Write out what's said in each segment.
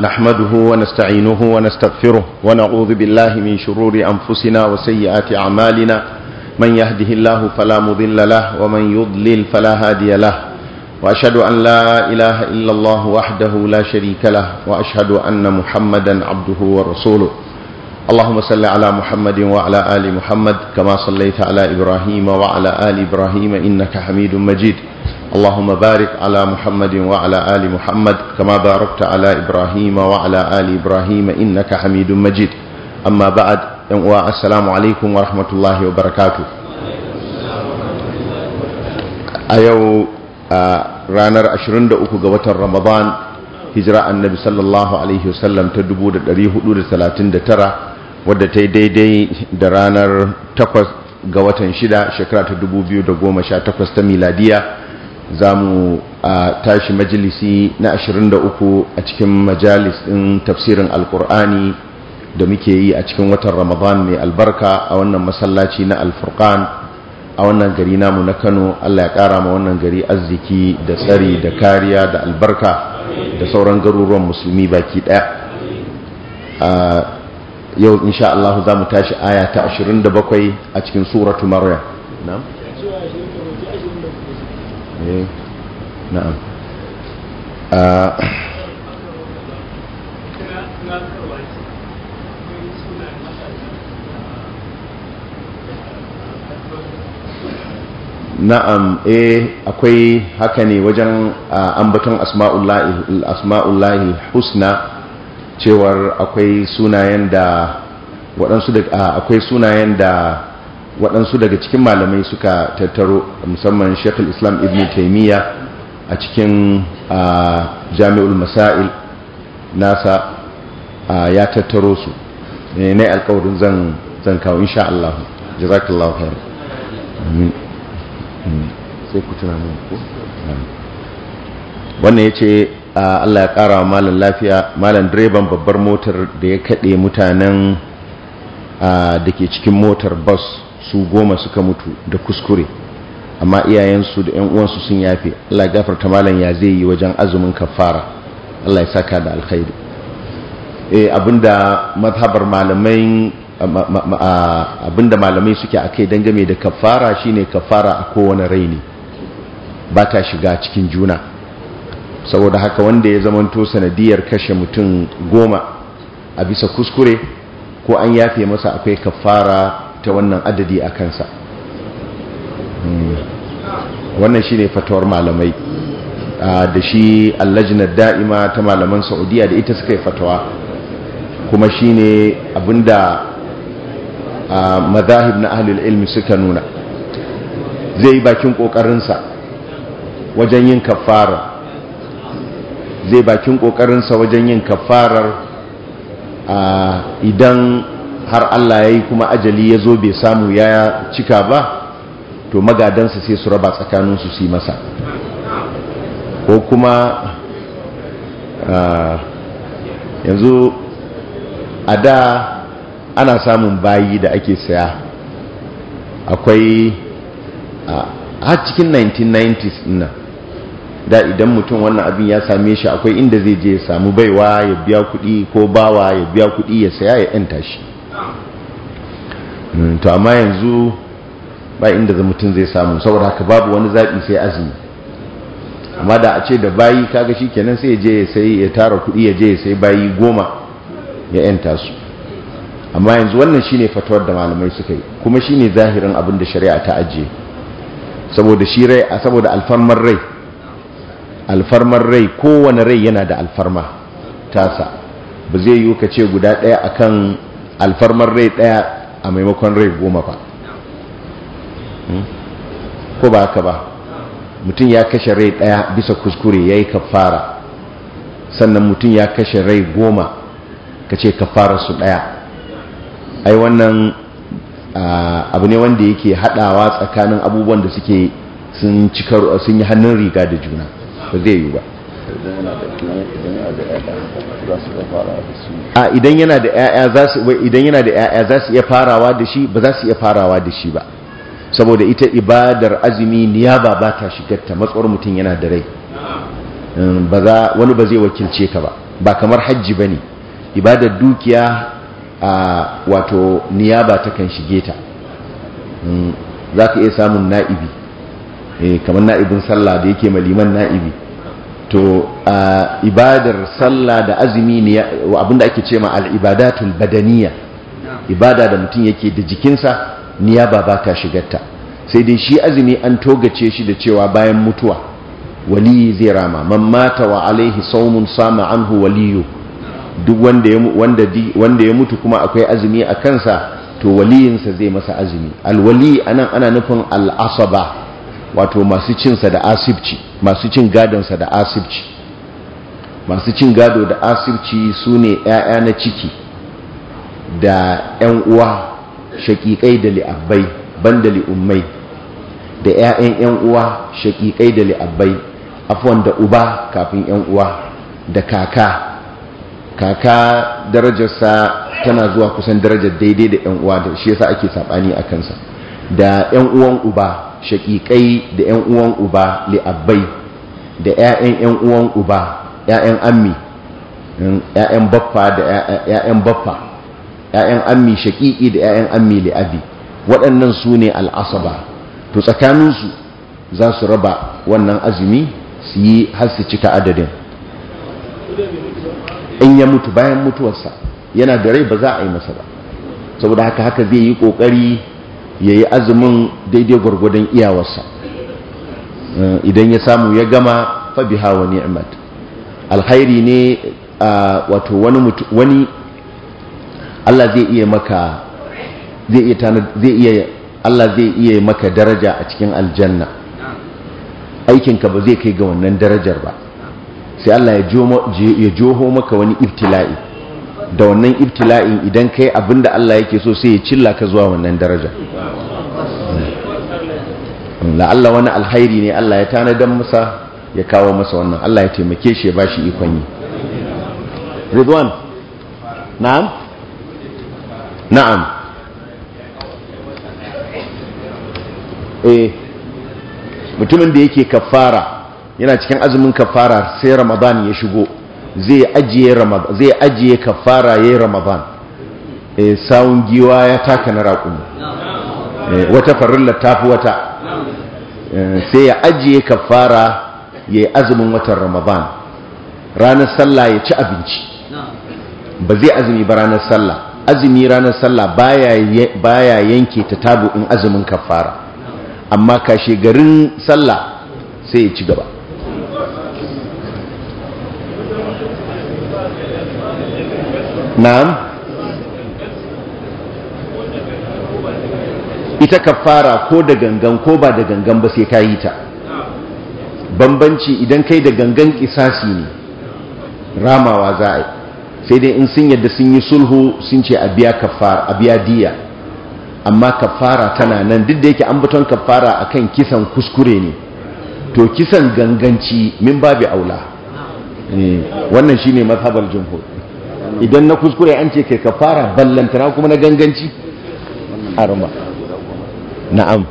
نحمده ونستعينه ونستغفره ونعوذ بالله من شرور أنفسنا وسيئات أعمالنا من يهده الله فلا مضل له ومن يضلل فلا هادي له وأشهد أن لا إله إلا الله وحده لا شريك له وأشهد أن محمدا عبده ورسوله اللهم صل على محمد وعلى آل محمد كما صليت على إبراهيم وعلى آل إبراهيم إنك حميد مجيد اللهم بارك على محمد وعلى آل محمد كما باركت على إبراهيم وعلى آل إبراهيم إنك حميد مجيد أما بعد السلام عليكم ورحمة الله وبركاته أيو رانر أشرند أكو قوة رمضان هجرة النبي صلى الله عليه وسلم تدبو دريه دور ثلاثين دترة wadda ta yi daidai da ranar 8 ga watan 6 shekara ta 2018 ta miladiya za mu tashi majalisi na 23 a cikin majalis ɗin tafsirin alkur'ani da muke yi a cikin watan ramadan mai albarka a wannan masallaci na alfurkan a wannan gari namu na kano allah ya ƙara ma wannan gari arziki da tsari da kariya da albarka da sauran garuruwan musulmi baki ɗaya yau insha allahu za mu tashi aya ta 27 a cikin suratu maryam Eh, na'am ah, na'am eh akwai haka ne wajen ah, ambaton asma'ullahi husna cewar akwai sunayen da waɗansu da ah, akwai sunayen da waɗansu daga cikin malamai suka tattaro musamman shekul islam ibn taimiyya a cikin jami'ul masail nasa ya tattaro su eh, ne alkawarin zan kawo insha Allah jazakallahu khair amin sai ku tuna mun ko wannan yace Allah ya kara wa malam lafiya malam direban babbar motar da ya kaɗe mutanen da ke cikin motar bus su goma suka mutu da kuskure amma iyayensu da 'yan uwansu sun yafe Allah ya gafarta malam ya zai yi wajen azumin kafara Allah ya saka da alkhairi eh abinda madhabar malamai abinda malamai suke akai dangame da kafara shine kafara a kowane raini ba ta shiga cikin juna saboda haka wanda ya zamanto sanadiyar kashe mutum goma a bisa kuskure ko an yafe masa akwai kafara ta wannan adadi a kansa hmm. wannan shi ne fatawar malamai da shi allajinar da'ima ta malaman saudiya da ita suka yi fatawa kuma shi ne abinda mazahib na ahalil ilmi suka nuna zai yi bakin ƙoƙarinsa wajen yin kafara zai bakin ƙoƙarinsa wajen yin kafarar idan har Allah ya yi kuma ajali ya zo bai samu ya cika ba to magadansa sai su raba tsakaninsu su yi masa ko kuma yanzu a da ana samun bayi da ake saya akwai a cikin 1990s ina da idan mutum wannan abin ya same shi akwai inda zai je ya samu baiwa ya biya kuɗi ko bawa ya biya kuɗi ya saya ya 'yanta shi Mm, to amma yanzu ba inda da mutum zai samu saboda haka babu wani zaɓi sai azumi amma da a ce da bayi kaga shi kenan sai je sai ya tara kuɗi ya je sai bayi goma ya yanta su amma yanzu wannan shine fatawar da malamai suka yi kuma shine zahirin abin da shari'a ta ajiye saboda shi rai a saboda alfarmar rai alfarmar rai kowane rai yana da alfarma tasa ba zai yiwu ka ce guda ɗaya akan alfarmar rai ɗaya a maimakon rai goma ba hmm? ko ba haka ba mutum ya kashe rai daya bisa kuskure ya yi kafara sannan mutum ya kashe rai goma ka ce su daya ai wannan abu ne wanda yake hadawa tsakanin abubuwan da suke sun yi hannun riga da juna ba zai yi ba idan yana da 'ya'ya za su idan yana da ƴaƴa za su iya farawa da shi ba za su iya farawa da shi ba saboda ita ibadar azumi niyaba ba ta shigar ta matsawar mutum yana da rai um, wani ba zai wakilce ka ba ba kamar hajji ne ibadar dukiya a wato niyaba ta kan shige ta um, za ka iya samun na'ibi eh, kamar na'ibin sallah da yake maliman na'ibi to a ibadar sallah da azumi ne abinda ake ce ma al'ibadatul badaniya ibada da mutum yake da jikinsa ya ba ta shigarta sai dai shi azumi an togace shi da cewa bayan mutuwa waliyi zai rama man mata wa alaihi saumun sama anhu waliyu duk wanda ya mutu kuma akwai azumi a kansa to waliyinsa zai masa azumi alwali anan ana nufin al'asaba wato masu cinsa da asibci masu cin gadonsa da asibci masu cin gado da asibci su ne 'ya'ya na ciki da 'yan uwa shaƙiƙai da li'abbai da li'ummai da 'ya'yan 'yan uwa shaƙiƙai da li'abbai afon da uba kafin 'yan uwa da kaka kaka darajarsa tana zuwa kusan darajar daidai da 'yan uwa da shi yasa ake saɓani a kansa da 'yan uwan uba shaƙiƙai da 'yan uwan uba li'abbai da 'ya'yan 'yan uwan uba 'ya'yan ammi mm, 'ya'yan baffa da 'ya'yan baffa 'ya'yan ammi shaƙiƙi da 'ya'yan ammi li'abi waɗannan su ne al'asaba to tsakaninsu za su raba wannan azumi su yi har su cika adadin in ya mutu bayan mutuwarsa yana da rai ba za a yi masa ba saboda haka haka zai yi ƙoƙari ya yi azumin daidai gwargwadon iyawarsa eh, idan ya samu ya gama fabi hawa ni'mat alkhairi ne wato wani Allah zai iya maka zai iya zai iya Allah zai iya maka daraja a cikin aljanna aikinka ba zai kai ga wannan darajar ba sai Allah ya joho maka wani ibtila'i da wannan ibtila'in idan kai abinda Allah yake so sai ya cilla ka zuwa wannan daraja la'alla wani alhairi ne Allah ya don masa ya kawo masa wannan Allah ya taimake shi ya ba shi ikon yi Ridwan na'am na'am eh mutumin da yake kafara yana cikin azumin kafara sai Ramadan ya shigo zai ajiye ramadan zai ajiye kafara yayin ramadan eh sawun giwa ya taka na raƙumi eh, wata farilla tafi wata eh, sai ya ajiye kafara yayi azumin watan ramadan ranar sallah ya ci abinci ba zai azumi ba ranar sallah azumi ranar sallah baya yanke ta tabu in azumin kafara amma kashe garin sallah sai ya ci gaba na'am ita kafara ko da gangan ko ba da gangan ba sai ka yi ta bambanci idan kai da gangan kisasi ne ramawa za a yi sai dai in sun yadda sun yi sulhu sun ce a biya a biya diya amma kafara tana nan duk da yake an buton kafara kan kisan kuskure ne to kisan ganganci min babu aula eh, wannan shi shine mazhabar jumhur idan na kuskure an ce kai kafara ballantana kuma na ganganci arma na'am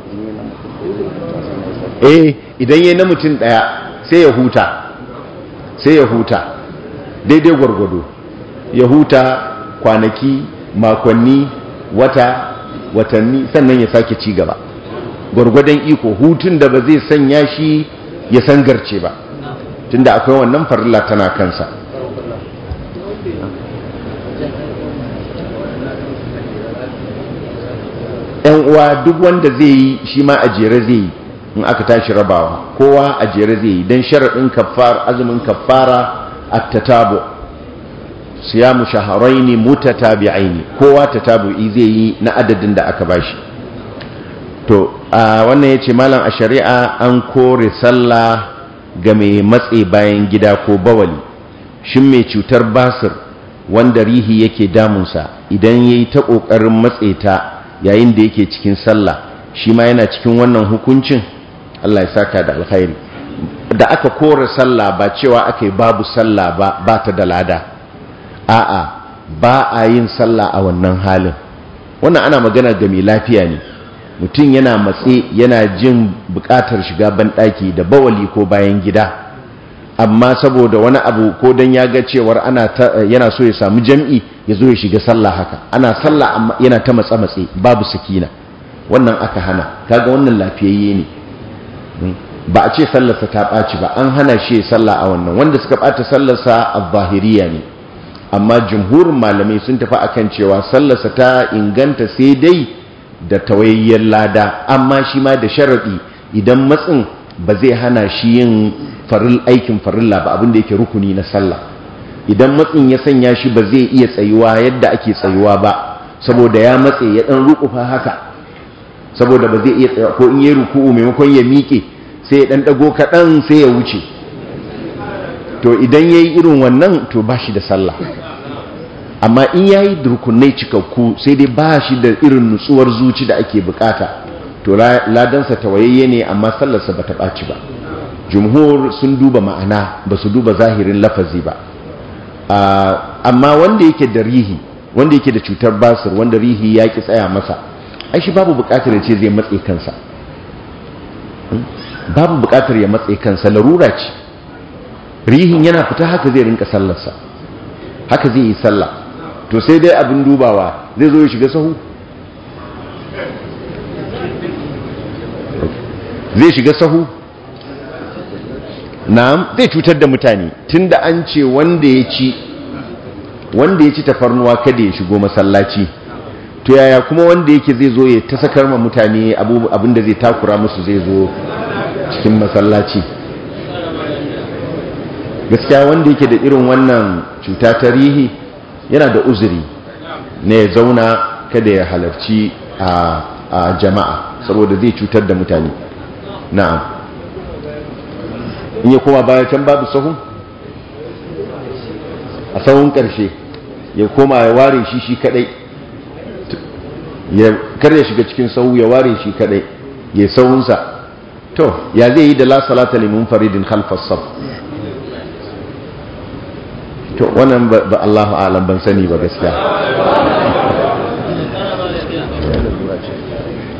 eh idan yayi na mutum daya sai ya huta sai ya huta daidai gwargwado ya huta kwanaki makonni wata watanni sannan ya sake ci gaba gwargwadon iko hutun da ba zai sanya shi ya sangarce ba tunda akwai wannan farilla tana kansa yan uwa duk wanda zai yi shi ma a jere zai yi in aka tashi rabawa kowa a jere zai yi don sharaɗin azumin kafara shaharai ne siyamu shahrayn aini kowa tatabu'i zai yi na adadin da aka bashi to a wannan ya ce malam a shari'a an kore sallah ga mai matse bayan gida ko bawali shin mai cutar basir wanda rihi yake damunsa idan ya yi ta ƙoƙarin matse ta yayin da yake cikin sallah shi ma yana cikin wannan hukuncin Allah ya saka da alkhairi da aka kore sallah ba cewa aka yi babu sallah ba ba ta da lada a'a ba a yin sallah a wannan halin wannan ana magana ga mai lafiya ne mutum yana matse yana jin bukatar shiga banɗaki da bawali ko bayan gida amma saboda wani abu ko dan ya ga cewar ana yana so ya samu jam'i ya zo ya shiga sallah haka ana sallah amma yana ta matsa matse babu sakina wannan aka hana kaga wannan lafiyayye ne hmm. ba a ce sallarsa ta ɓaci ba an hana shi ya sallah a wannan wanda suka ɓata sallarsa a zahiriya ne amma jumhurin malamai sun tafi akan cewa sallarsa ta inganta sai dai da tawayyar lada amma shi ma da sharaɗi idan matsin ba zai hana shi yin aikin farilla ba abinda yake rukuni na sallah idan matsin ya sanya shi ba zai iya tsayuwa yadda ake tsayuwa ba saboda ya matse ya dan rukufa haka saboda ba zai iya tsayuwa ko in yi ruku'u maimakon ya miƙe sai ya dan dago kaɗan sai ya wuce to idan ya yi irin wannan to ba shi da sallah amma in ya yi rukunai cikakku sai dai ba shi da irin nutsuwar zuci da ake bukata to ladansa tawayayye ne amma sallarsa ba ta ɓaci ba jumhur sun duba ma'ana ba su duba zahirin lafazi ba amma wanda yake da rihi wanda yake da cutar basir wanda rihi ya ki tsaya masa ai shi babu bukatar ya ce zai matse kansa hmm? babu buƙatar ya matse kansa larura ce rihin yana fita haka zai rinka sallarsa haka zai yi sallah to sai dai abin dubawa zai zo ya shiga sahu zai shiga sahu na'am zai cutar da mutane tunda an ce wanda ya ci wanda ya ci tafarnuwa kada ya shigo masallaci to yaya kuma wanda yake zai zo ya ta sakar ma mutane abinda zai takura musu zai zo cikin masallaci gaskiya wanda yake da irin wannan cuta tarihi yana da uzuri na ya zauna kada ya halarci a jama'a saboda zai cutar da mutane na'am in ya koma baya can babu sahun a sahun karshe ya koma ya ware shi shi kadai kar ya shiga cikin sahu ya ware shi kadai ya sahunsa to ya zai yi da la salata limun faridin khalfas saf to wannan ba Allahu a'lam ban sani ba gaskiya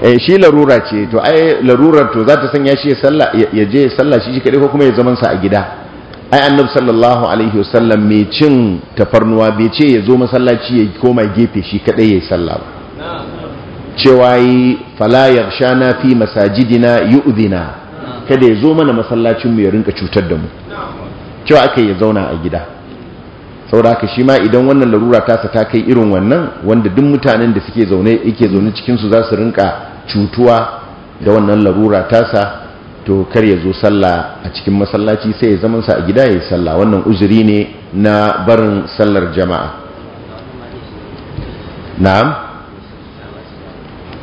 Eh, shi larura ce to ai larurar to za ta sanya shi ya je sallah shi kaɗai ko kuma ya zamansa sa a gida ai annabi sallallahu alaihi wasallam mai cin tafarnuwa bai ce ya zo masallaci ya koma gefe shi kaɗai ya yi sallah ba cewa yi fala na fi masajidina yu'dina kada ya zo mana masallacin mu ya rinka cutar da mu cewa aka ya zauna a gida saboda haka shi ma idan wannan larura ta sa ta kai irin wannan wanda duk mutanen da suke zaune yake zaune cikin su za su rinka cutuwa da wannan larura tasa to kar ya zo sallah a cikin masallaci sai ya zaman sa a gida ya yi sallah wannan uzuri ne na barin sallar jama'a na'am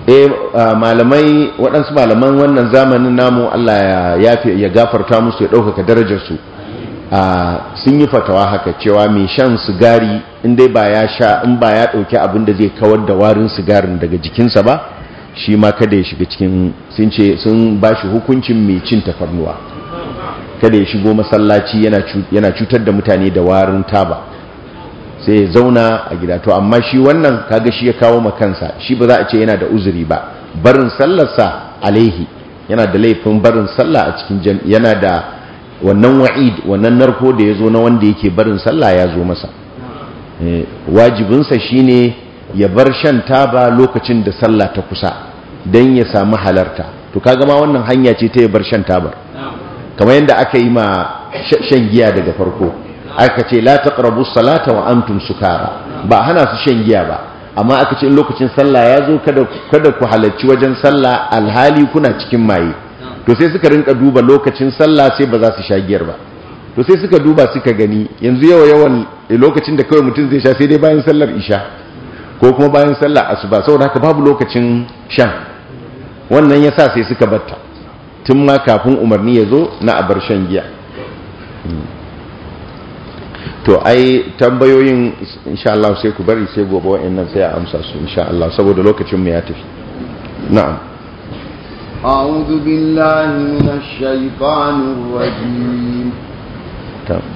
e malamai waɗansu malaman wannan zamanin namu Allah ya ya gafarta musu ya ɗaukaka darajarsu sun yi fatawa haka cewa mai shan sigari in dai ba ya sha in ba ya ɗauki abin da zai kawar da warin sigarin daga jikinsa ba shi ma kada ya shiga cikin sun ce sun ba shi hukuncin mai cin tafarnuwa kada ya shigo masallaci yana cutar da mutane da warin taba sai ya zauna a gida to amma shi wannan kaga shi ya kawo makansa shi ba za a ce yana da uzuri ba barin sallarsa alaihi yana da laifin barin sallah a cikin jan yana da wannan wa'id wannan narko da ya zo na wanda yake barin sallah ya zo masa eh, wajibinsa shine ya bar shan taba lokacin da sallah ta kusa don ya samu halarta to kaga ma wannan hanya ce ta ya bar shan tabar kamar yadda aka yi ma shan giya daga farko aka ce la taqrabu salata wa antum sukara ba hana su shan giya ba amma aka ce lokacin sallah ya zo kada ku halarci wajen sallah alhali kuna cikin maye to sai suka rinka duba lokacin sallah sai ba za su sha giyar ba to sai suka duba suka gani yanzu yawa yawan lokacin da kawai mutum zai sha sai dai bayan sallar isha ko kuma bayan sallah asuba saboda haka babu lokacin shan wannan yasa sai suka batta tun ma kafin umarni ya zo na abar shan giya to ai tambayoyin insha Allah sai ku bari sai gobe wa'annan sai a amsa su insha Allah saboda lokacin mu ya tafi na'am أعوذ بالله من الشيطان الرجيم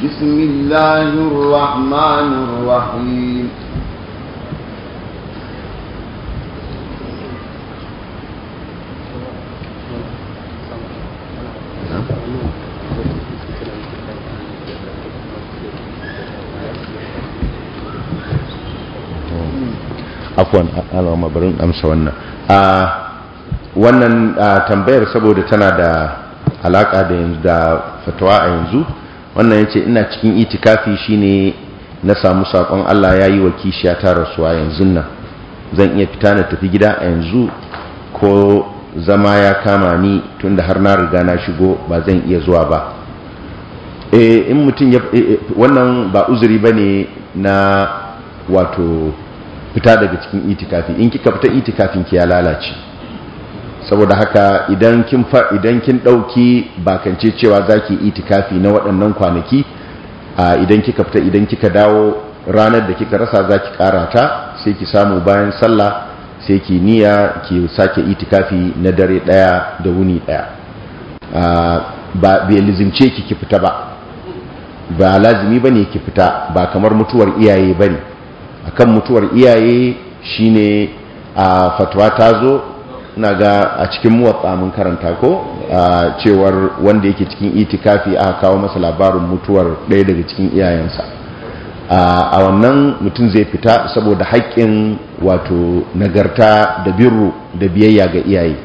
بسم الله الرحمن الرحيم afwan alama barin amsa wannan wannan tambayar saboda tana da alaka da yanzu da fatawa a yanzu wannan ya ce ina cikin itikafi shine na samu saƙon Allah ya yayi wa kishiya ta rasuwa yanzu nan zan iya fita na tafi gida a yanzu ko zama ya kama ni tunda har na riga na shigo ba zan iya zuwa ba eh, in mutum ya eh, eh, wannan ba uzuri ba ne na wato fita daga cikin itikafi in kika fita itikafin ki ya lalace saboda haka idan kin fa idan kin dauki bakance cewa zaki itikafi na waɗannan kwanaki a idan kika fita idan kika dawo ranar da kika rasa zaki karata sai ki samu bayan sallah sai ki niya ki sake itikafi na dare daya da wuni daya ba bai lizimce ki ki fita ba ba lazimi bane ki fita ba kamar mutuwar iyaye bane akan mutuwar iyaye shine a fatwa ta zo na ga a cikin muwatsa mun karanta ko a cewar wanda yake cikin itikafi aka kawo masa labarin mutuwar ɗaya daga cikin iyayensa a wannan mutum zai fita saboda haƙƙin wato nagarta da birru da biyayya ga iyaye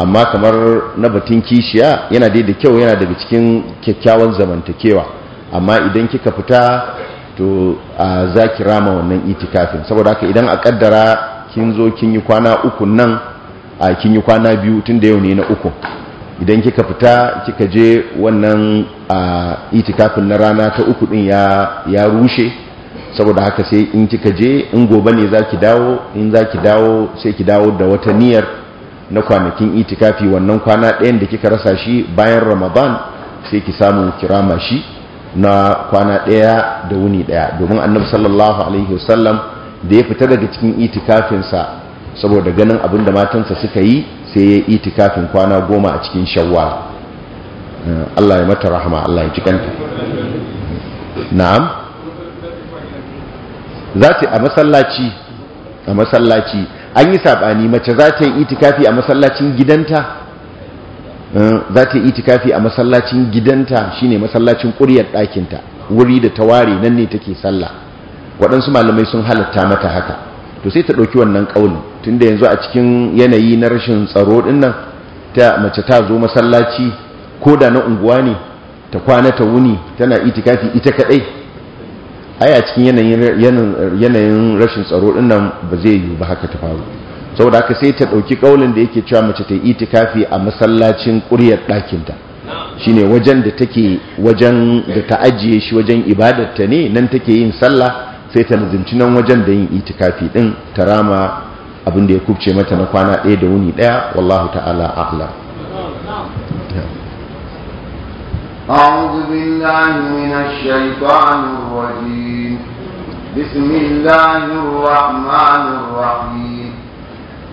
amma kamar na batun kishiya yana dai da kyau yana daga cikin kyakkyawan zamantakewa amma idan kika fita to za ki rama wannan itikafin saboda haka idan a kaddara kin zo kin yi kwana uku nan a kin yi kwana biyu tun da yau ne na uku idan kika fita kika je wannan itikafin na rana ta uku din ya rushe saboda haka sai in kika je in gobe ne za ki dawo in za ki dawo sai ki dawo da wata niyyar na kwanakin itikafi wannan kwana ɗayan da kika rasa shi bayan ramadan sai ki samu kirama shi na kwana ɗaya da wuni ɗaya domin annabi sallallahu alaihi wasallam da ya fita daga cikin itikafinsa saboda ganin abin da matansa suka yi sai ya itikafin kwana goma a cikin shawwa eh, Allah ya mata rahama Allah ya ji kanta na'am za ta a masallaci a masallaci an yi sabani mace za ta yi itikafi a masallacin gidanta za ta yi itikafi a masallacin gidanta shine masallacin ƙuryar ɗakinta wuri da taware nan ne take sallah waɗansu malamai sun halatta mata haka to sai ta ɗauki wannan ƙaunin tunda yanzu a cikin yanayi na rashin tsaro ɗin nan ta mace ta zo masallaci ko da na unguwa ne ta kwana ta wuni tana itikafi ita kaɗai ai a cikin yanayin rashin tsaro ɗin nan ba zai yiwu ba haka ta faru saboda haka sai ta ɗauki ƙaunin da yake cewa mace ta yi itikafi a masallacin ƙuryar ɗakinta shine wajen da take wajen da ta ajiye shi wajen ibadarta ne nan take yin sallah sai ta nazimci nan wajen da yin itikafi ɗin ta rama abin da ya kubce mata na kwana ɗaya da wuni ɗaya wallahu ta'ala a'lam أعوذ بالله من الشيطان الرجيم بسم الله الرحمن الرحيم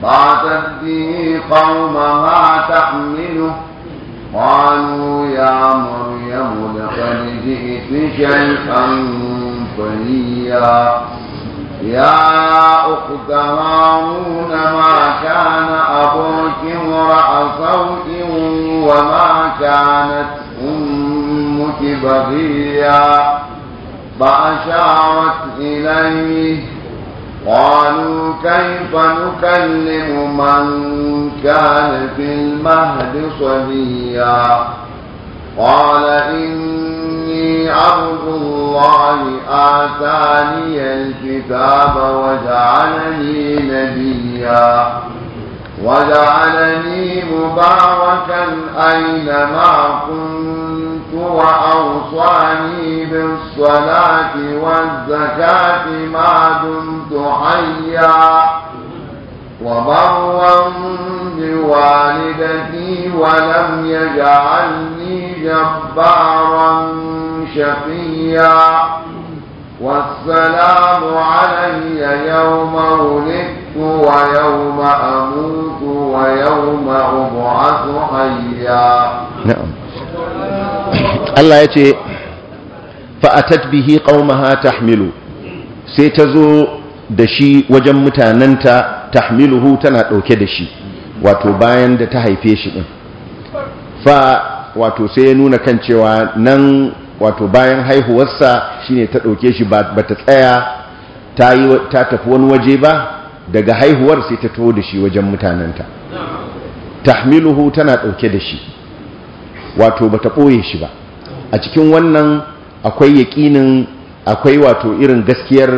باتت به قومها تحمله قالوا يا مريم لقد جئت شيئا فريا يا أخت هارون ما كان أبوك امرأ سوء وما كانت أمك بغيا فأشارت إليه قالوا كيف نكلم من كان في المهد صبيا قال إني عبد الله آتاني الكتاب وجعلني نبيا وجعلني مباركا أينما كنت وأوصاني بالصلاة والزكاة ما دمت حيا وبرا بوالدتي ولم يجعلني جبارا شقيا والسلام علي يوم ولدت ويوم أموت ويوم أبعث حيا نعم Allah ya ce fa'atat bihi ta tahmilu sai ta zo da shi wajen mutanenta tahmiluhu tana ɗauke da shi wato bayan da ta haife shi ɗin fa wato sai ya nuna kan cewa nan wato bayan haihuwarsa shine ta ɗauke shi ba ta tsaya ta tafi wani waje ba daga haihuwar sai ta taho da shi wajen mutanenta tahmiluhu tana ɗauke da shi wato bata ɓoye shi ba a cikin wannan akwai yaƙinin akwai wato irin gaskiyar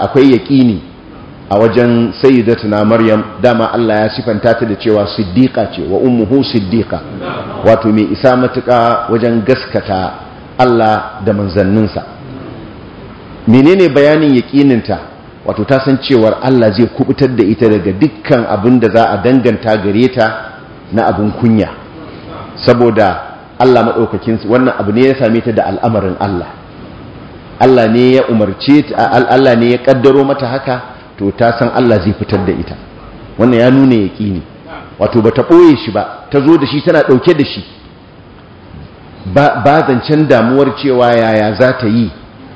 akwai yaƙini a wajen na maryam dama Allah ya sifanta ta da cewa siddiqa ce wa ummuhu siddiqa wato mai isa matuƙa wajen gaskata Allah da manzanninsa menene bayanin yaƙininta wato ta san cewar Allah zai kubutar da ita daga dukkan abin da za a danganta gare ta na abin kunya saboda Allah maɗaukakin wannan abu ne ya same ta da al'amarin Allah Allah ne ya umarce ta Allah ne ya kaddaro mata haka to ta san Allah zai fitar da ita wannan ya nuna yaqini wato bata ɓoye shi ba ta zo da shi tana ɗauke da shi ba zancen damuwar cewa yaya za ta yi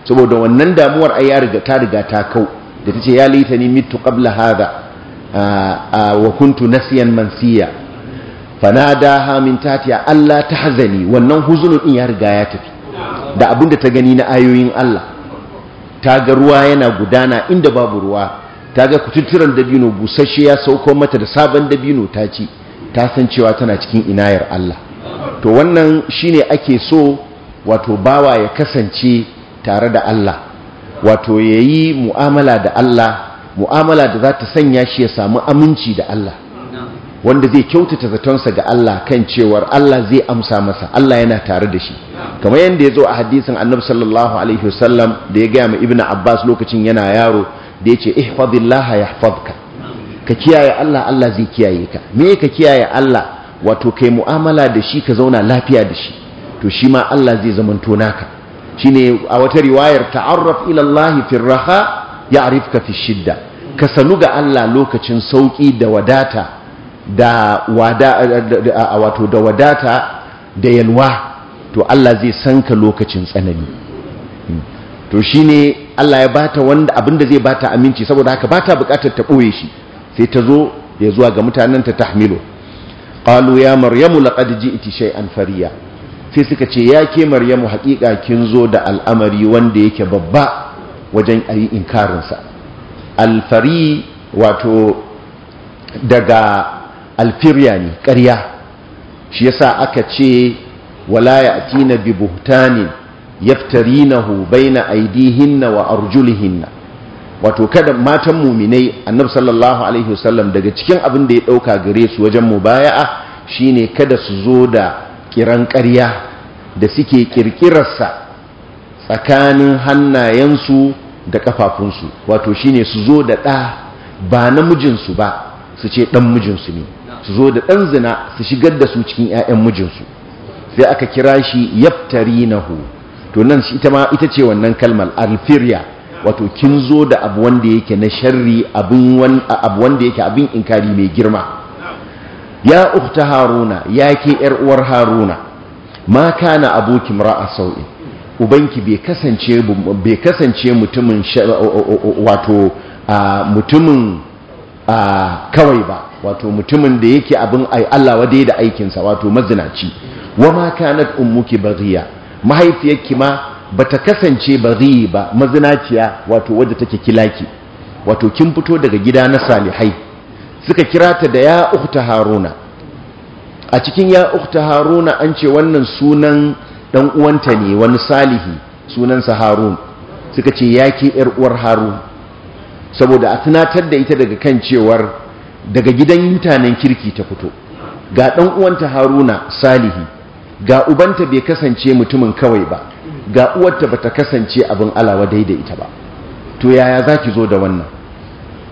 saboda wannan damuwar ai ya riga ta riga ta kau da tace ya laitani mitu qabla hadha wa kuntu nasiyan mansiya fanadaha min tatiya Allah ta hazani. wannan huzunin din ya riga ya tafi da abin da ta gani na ayoyin Allah ta ga ruwa yana gudana inda babu ruwa ta ga kututturan dabino busasshe ya sauko mata da sabon dabino ta ci ta san cewa tana cikin inayar Allah to wannan shine ake so wato bawa ya kasance tare da Allah wato yayi mu'amala da Allah mu'amala da za ta sanya shi ya samu aminci da Allah wanda zai kyautata zatonsa ga Allah kan cewar Allah zai amsa masa Allah yana tare da shi kamar yadda ya zo a hadisin annabi sallallahu alaihi wasallam da ya gaya ma ibnu abbas lokacin yana yaro da ya ce ihfazillaha yahfazka ka kiyaye Allah Allah zai kiyaye ka me ka kiyaye Allah wato kai mu'amala da shi ka zauna lafiya da shi to shi ma Allah zai zamanto naka shine a wata riwayar ta'arraf ilallahi Allah fi raha ya'rifka fi shidda ka sanu ga Allah lokacin sauki da wadata da wato da wadata da yalwa to Allah zai sanka lokacin tsanani hmm. to shine Allah ya bata wanda abinda zai bata aminci saboda haka bata buƙatar ta ɓoye shi sai ta zo ya zuwa ga mutanen ta tahmilo qalu ya maryamu laqad ji'ti shay'an fariya sai suka ce ya ke maryamu haqiqa kin zo da al'amari wanda yake babba wajen ayi inkarinsa alfari wato daga alfirya ne ƙarya shi yasa aka ce wala ya'tina bi buhtanin yaftarinahu baina aydihinna wa arjulihinna wato kada matan muminai annabi sallallahu alaihi wasallam daga cikin abin da ya ɗauka gare su wajen mubaya'a shine kada su zo da ƙiran ƙarya da suke ƙirƙirarsa tsakanin hannayensu da ƙafafunsu, wato shine su zo da ɗa ba namijinsu ba su ce ɗan mijinsu ne su zo da ɗan zina su shigar da su cikin 'ya'yan mijinsu sai aka kira shi yaftari nahu. to nan ita ma ce wannan kalmar alfirya wato kin zo da abu wanda yake na sharri abu wanda yake abin inkari mai girma ya ukta haruna ya ke yar uwar haruna ma kana aboki ra'a sau'i ubanki bai kasance bai kasance mutumin wato mutumin kawai ba wato mutumin da yake abin Allah wadai da aikinsa wato mazinaci wa ma kanat ummuki baghiya mahaifiyarki ma bata kasance baghi ba mazinaciya wato wadda take kilaki wato kin fito daga gida na salihai suka kira ta da ya ukhta haruna a cikin ya ukhta haruna an ce wannan sunan dan uwanta ne wani salihi sunansa harun suka ce ya yar uwar harun saboda a tunatar da ita daga kan cewar daga gidan mutanen kirki ta fito ga ɗan uwanta haruna salihi ga ubanta bai kasance mutumin kawai ba ga uwarta bata kasance abin alawa daidai ita ba to yaya za ki zo da wannan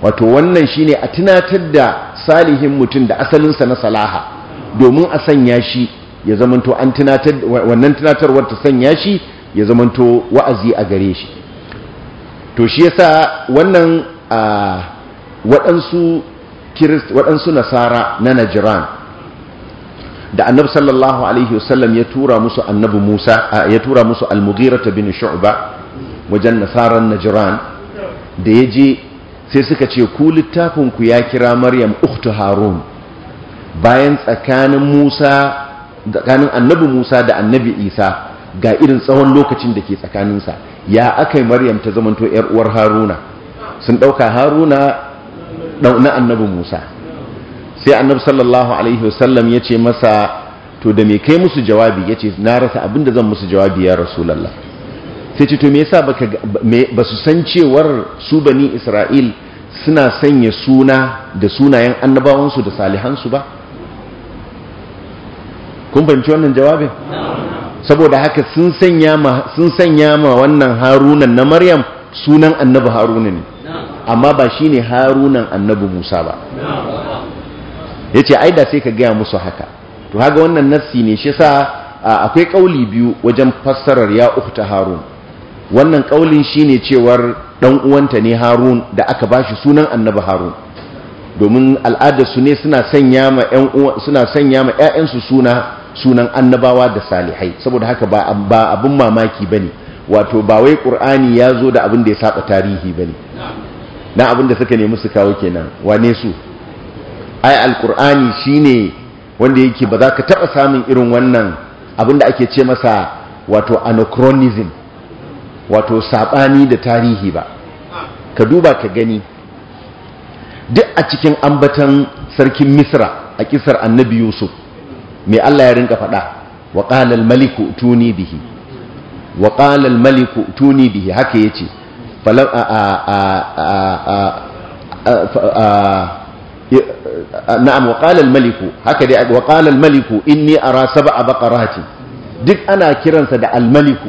wato wannan shine a tunatar da salihin mutum da asalinsa na salaha domin a sanya shi ya zamanto an wannan tunatarwar ta sanya shi ya zamanto wa'azi a gare shi to shi yasa wannan a waɗansu nasara na najiran da annabi sallallahu alaihi wasallam ya tura musu annabi musa ya tura musu almugirata bin shu'ba wajen nasaran najiran da ya je sai suka ce ku littafinku ya kira maryam uktu harun bayan tsakanin musa tsakanin annabi musa da annabi isa ga irin tsawon lokacin da ke tsakaninsa ya aka yi maryam ta zamanto 'yar uwar haruna sun ɗauka haruna na annabi musa sai annabi sallallahu alaihi wasallam ya ce masa to da me kai musu jawabi yace na rasa abinda zan musu jawabi ya rasulallah sai ce to me yasa ba su san cewar su bani isra'il suna sanya suna da sunayen annabawansu da salihansu ba kun fahimci wannan jawabin saboda haka sun sanya ma wannan harunan na maryam sunan annabi haruna ne amma ba shi ne harunan annabi musa ba yace ai da sai ka gaya musu haka to haga wannan nassi ne shi sa akwai kauli biyu wajen fassarar ya ukhta harun wannan kaulin ne cewar ɗanuwanta ne harun da aka ba shi sunan annabi harun domin al'adar su ne suna sanya ma 'ya'yansu suna sunan annabawa da salihai saboda haka ba abin mamaki ba ne wato ba wai ƙur'ani ya zo da abin da ya saba tarihi ba ne. Na abin da suka nemi su kawo kenan wane su ai alqur'ani shine wanda yake ba za ka taba samun irin wannan abin da ake ce masa wato anachronism wato sabani da tarihi ba ka duba ka gani duk a cikin ambatan sarkin misra a kisar annabi yusuf mai allah ya rinka faɗa wa ƙalal maliku tuni bihi maliku tuni bihi haka ya ce falam a a a na'am wa qala al-maliku haka dai wa qala al-maliku inni duk ana kiransa da almaliku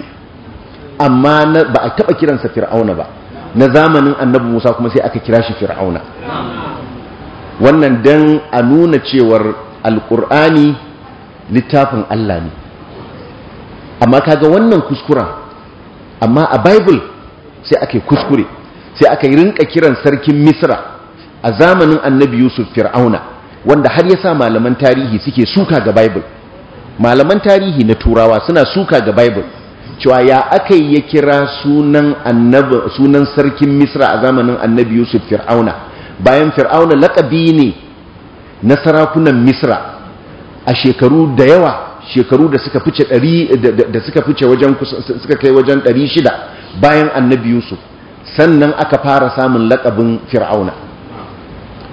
amma ba a taɓa kiransa fir'auna ba na zamanin annabi Musa kuma sai aka kira shi fir'auna wannan dan a nuna cewar Alƙur'ani littafin Allah ne amma kaga wannan kuskuren amma a bible sai aka yi kuskure sai aka yi rinka kiran sarkin misra a zamanin annabi yusuf fir'auna wanda har ya sa malaman tarihi suke suka ga bible malaman tarihi na turawa suna suka ga bible cewa ya aka yi ya kira sunan annabi sunan sarkin misra a zamanin annabi yusuf fir'auna bayan fir'auna laƙabi ne na sarakunan misra a shekaru da yawa shekaru da suka fice wajen suka shida. bayan annabi yusuf sannan aka fara samun lakabin fir'auna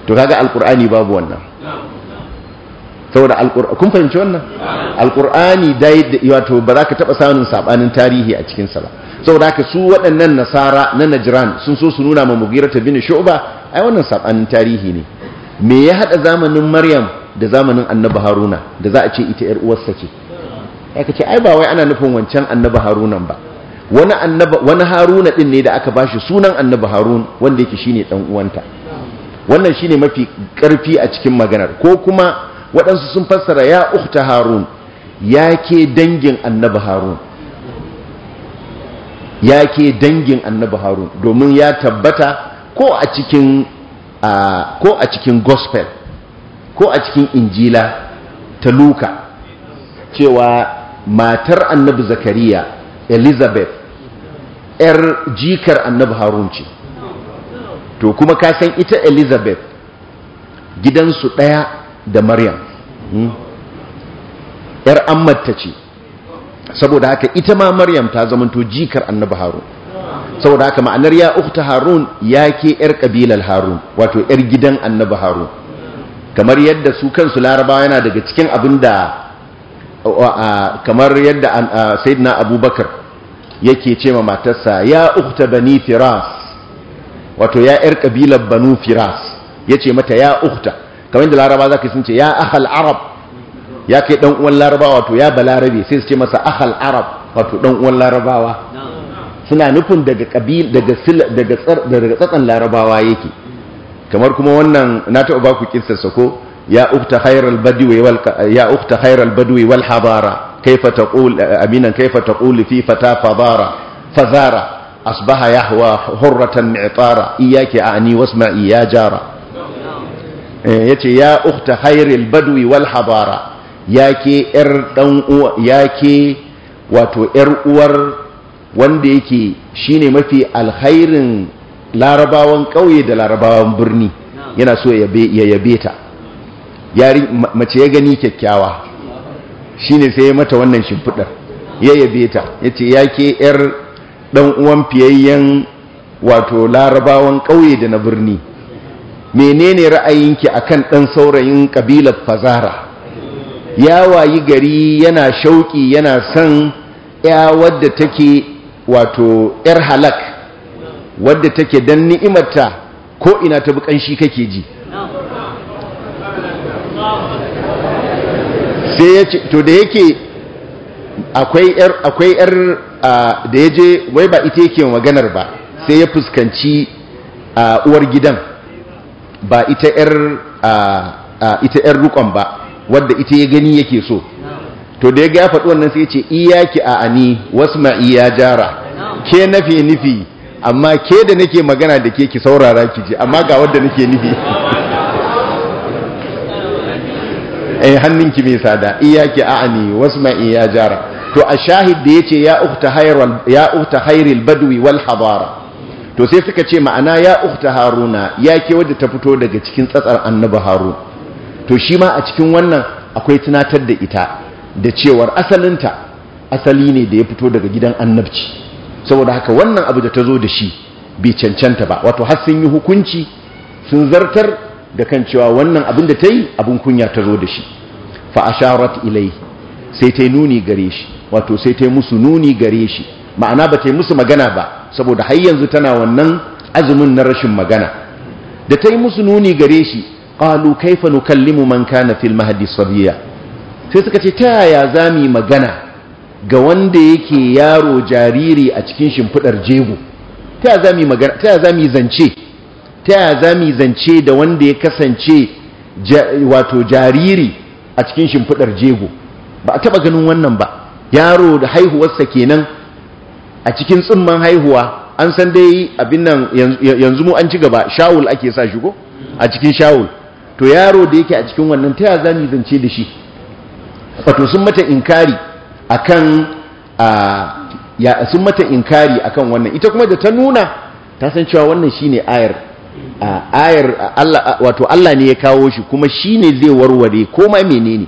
to kaga alkur'ani babu wannan saboda alkur'ani kun fahimci wannan alkur'ani dai wato ba za ka taba samun sabanin tarihi a cikinsa sa ba saboda haka su waɗannan nasara na najran sun so su nuna ma mugirata bin shu'ba ai wannan sabanin tarihi ne me ya hada zamanin maryam da zamanin annabi haruna da za a ce ita yar uwarsa ce ya kace ai ba wai ana nufin wancan annabi harunan ba wani annaba wani haruna din ne da aka bashi sunan annabi harun wanda yake shine dan uwanta wannan shine mafi ƙarfi a cikin maganar ko kuma waɗansu sun fassara ya ukhta harun ya ke dangin annabi harun ya dangin annabi harun domin ya tabbata ko a cikin ko a cikin gospel ko a cikin injila ta luka cewa matar annabi zakariya elizabeth 'yar jikar annabi harun ce to kuma ka san ita elizabeth gidansu ɗaya da maryam hmm? ‘yar ammata ce saboda haka ita ma maryam ta zamanto jikar annabi harun saboda haka ma'anar ya ukta harun ya ke ‘yar ƙabilar harun wato ‘yar gidan annabi harun kamar yadda su kansu larabawa yana daga cikin abin da kamar yadda sayidina abubakar yake ce ma matarsa ya ukta bani firas wato ya yar kabilar banu firas yace mata ya ukta kamar da laraba zaka sun ce ya ahal arab ya kai dan uwan laraba wato ya balarabe sai su ce masa ahal arab wato dan uwan larabawa suna nufin daga kabil daga daga daga tsatsan larabawa yake kamar kuma wannan na taɓa ba ku sako ya ukta khairul badwi wal ya ukta khairul badwi wal habara kaifa taqul aminan kaifa taqul fi fata fadara fazara asbaha yahwa hurratan mi'tara iyyaki a'ni wasma iya jara yace ya ukhta khairil badwi wal habara yake yar dan uwa yake wato yar uwar wanda yake shine mafi alkhairin larabawan ƙauye da larabawan birni yana so ya yabe ta mace ya gani kyakkyawa Shi ne sai mata wannan shimfiɗar. ya yabe ta ya ce ya ke yar ɗan’uwan uwan fiyayyen wato larabawan ƙauye da na birni menene ra'ayinki kan ɗan saurayin ƙabilar fazara ya wayi gari yana shauƙi yana son ya wadda take wato ‘yar halak wadda take don ni'imarta ko ina ta buƙanshi kake ji to da yake akwai yar da ya je wai ba ita yake maganar ba sai ya fuskanci uwar gidan ba ita yar ita yar rukon ba wadda ita ya gani yake so to da ya ga ya faɗi wannan sai ya ce iyaki a ani wasma iya jara ke nafi nufi amma ke da nake magana da ke ki saurara ki ji amma ga wadda nake nufi Eh, hannunki mai sada iyaki a'ani wasma'i ya jara to a shahid da yace ya ukhta hayrul ya ukhta hayril badwi wal hadara to sai suka ce ma'ana ya ukhta haruna ya ke wadda ta fito daga cikin tsatsar annabi Haru. to shi ma a cikin wannan akwai tunatar da ita da cewar asalinta asali ne da ya fito daga gidan annabci saboda haka wannan abu da ta zo da shi bai cancanta ba wato har sun yi hukunci sun zartar da kan cewa wannan abin da ta yi abin kunya ta zo da shi Fa a fa'asharat ilai sai ta nuni gare shi wato sai ta musu nuni gare shi ma'ana ba ta musu magana ba saboda har yanzu tana wannan azumin na rashin magana da ta yi musu nuni gare shi ƙalu kaifa nukallimu man na fil mahdi sabiya sai suka ce ta yaya za mu magana ga wanda yake yaro jariri a cikin shimfiɗar jego ta yaya za mu zance ta yaya za mu zance da wanda ya kasance wato jariri a cikin shimfiɗar jego ba a taɓa ganin wannan ba yaro da haihuwarsa kenan a cikin tsimman haihuwa an san dai abin nan yanzu mu an ci gaba shawul ake sa shigo a cikin shawul to yaro da yake a cikin wannan ta yaya za mu zance da shi wato sun mata inkari akan sun mata inkari akan wannan ita kuma da ta nuna ta san cewa wannan shine ayar ayar Allah wato Allah ne ya kawo shi kuma shine zai warware koma menene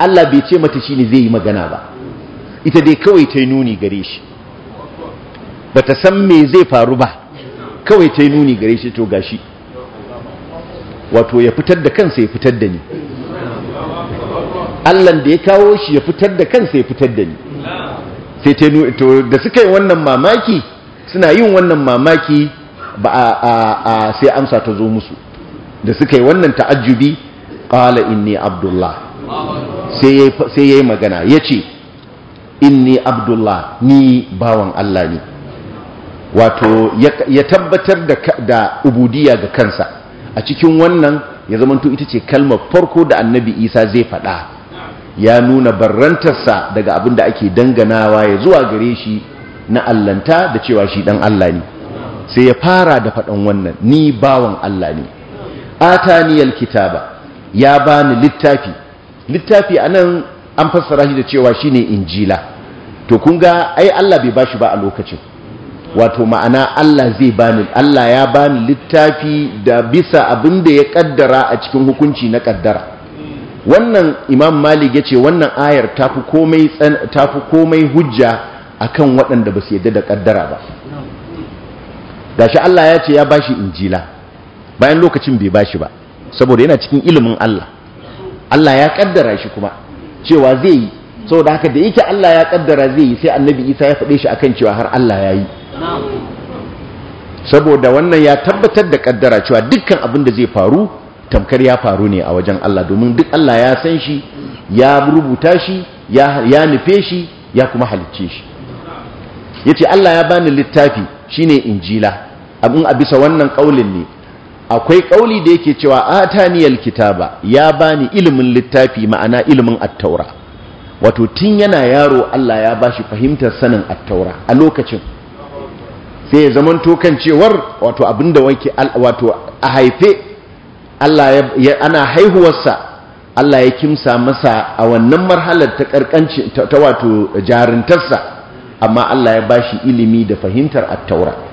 Allah bai ce mata shine zai yi magana ba ita dai kawai ta nuni gare shi bata san me zai faru ba kawai ta nuni gare shi to gashi wato ya fitar da kansa ya fitar da ni Allah da ya kawo shi ya fitar da kansa ya fitar da ni sai ta to da suka yi wannan mamaki suna yin wannan mamaki ba a sai amsa ta zo musu da suka yi wannan ta'ajjubi qala inni abdullah sai yayi magana yace inni abdullah ni bawan Allah ne wato ya tabbatar da ubudiya ga kansa a cikin wannan ya zamanto ita ce kalmar farko da annabi isa zai faɗa ya nuna barrantarsa daga abin da ake danganawa ya zuwa gare shi na allanta da cewa shi dan Allah ne sai ya fara da faɗan wannan ni bawan Allah ne kita kitaba ya bani littafi littafi anan an fassara shi da cewa shine injila to kun ga ai Allah bai bashi ba a lokacin wato ma'ana Allah zai bani Allah ya bani littafi da bisa abin da ya kaddara a cikin hukunci na kaddara wannan imam malik ya ce wannan ayar tafi komai tafi komai hujja akan waɗanda ba su yadda da kaddara ba gashi Allah ya ce ya bashi injila bayan lokacin bai bashi ba saboda yana cikin ilimin Allah Allah ya kaddara shi kuma cewa zai yi saboda haka da yake Allah ya kaddara zai yi sai annabi Isa ya faɗe shi kan cewa har Allah ya yi saboda wannan ya tabbatar da kaddara cewa dukkan abin da zai faru tamkar ya faru ne a wajen Allah domin duk Allah ya san shi ya rubuta shi ya nufe shi ya kuma halicce shi yace Allah ya bani littafi shine injila abin a bisa wannan ƙaulin ne akwai ƙauli da yake cewa ataniyal kitaba ya bani ilimin littafi ma'ana ilimin attaura wato tun yana yaro Allah ya bashi fahimtar sanin attaura a lokacin sai ya zaman tokan cewar wato abinda wanke wato a haife Allah ya ana haihuwarsa Allah ya kimsa masa a wannan marhalar ta karkanci ta wato jarintarsa amma Allah ya bashi ilimi da fahimtar attaura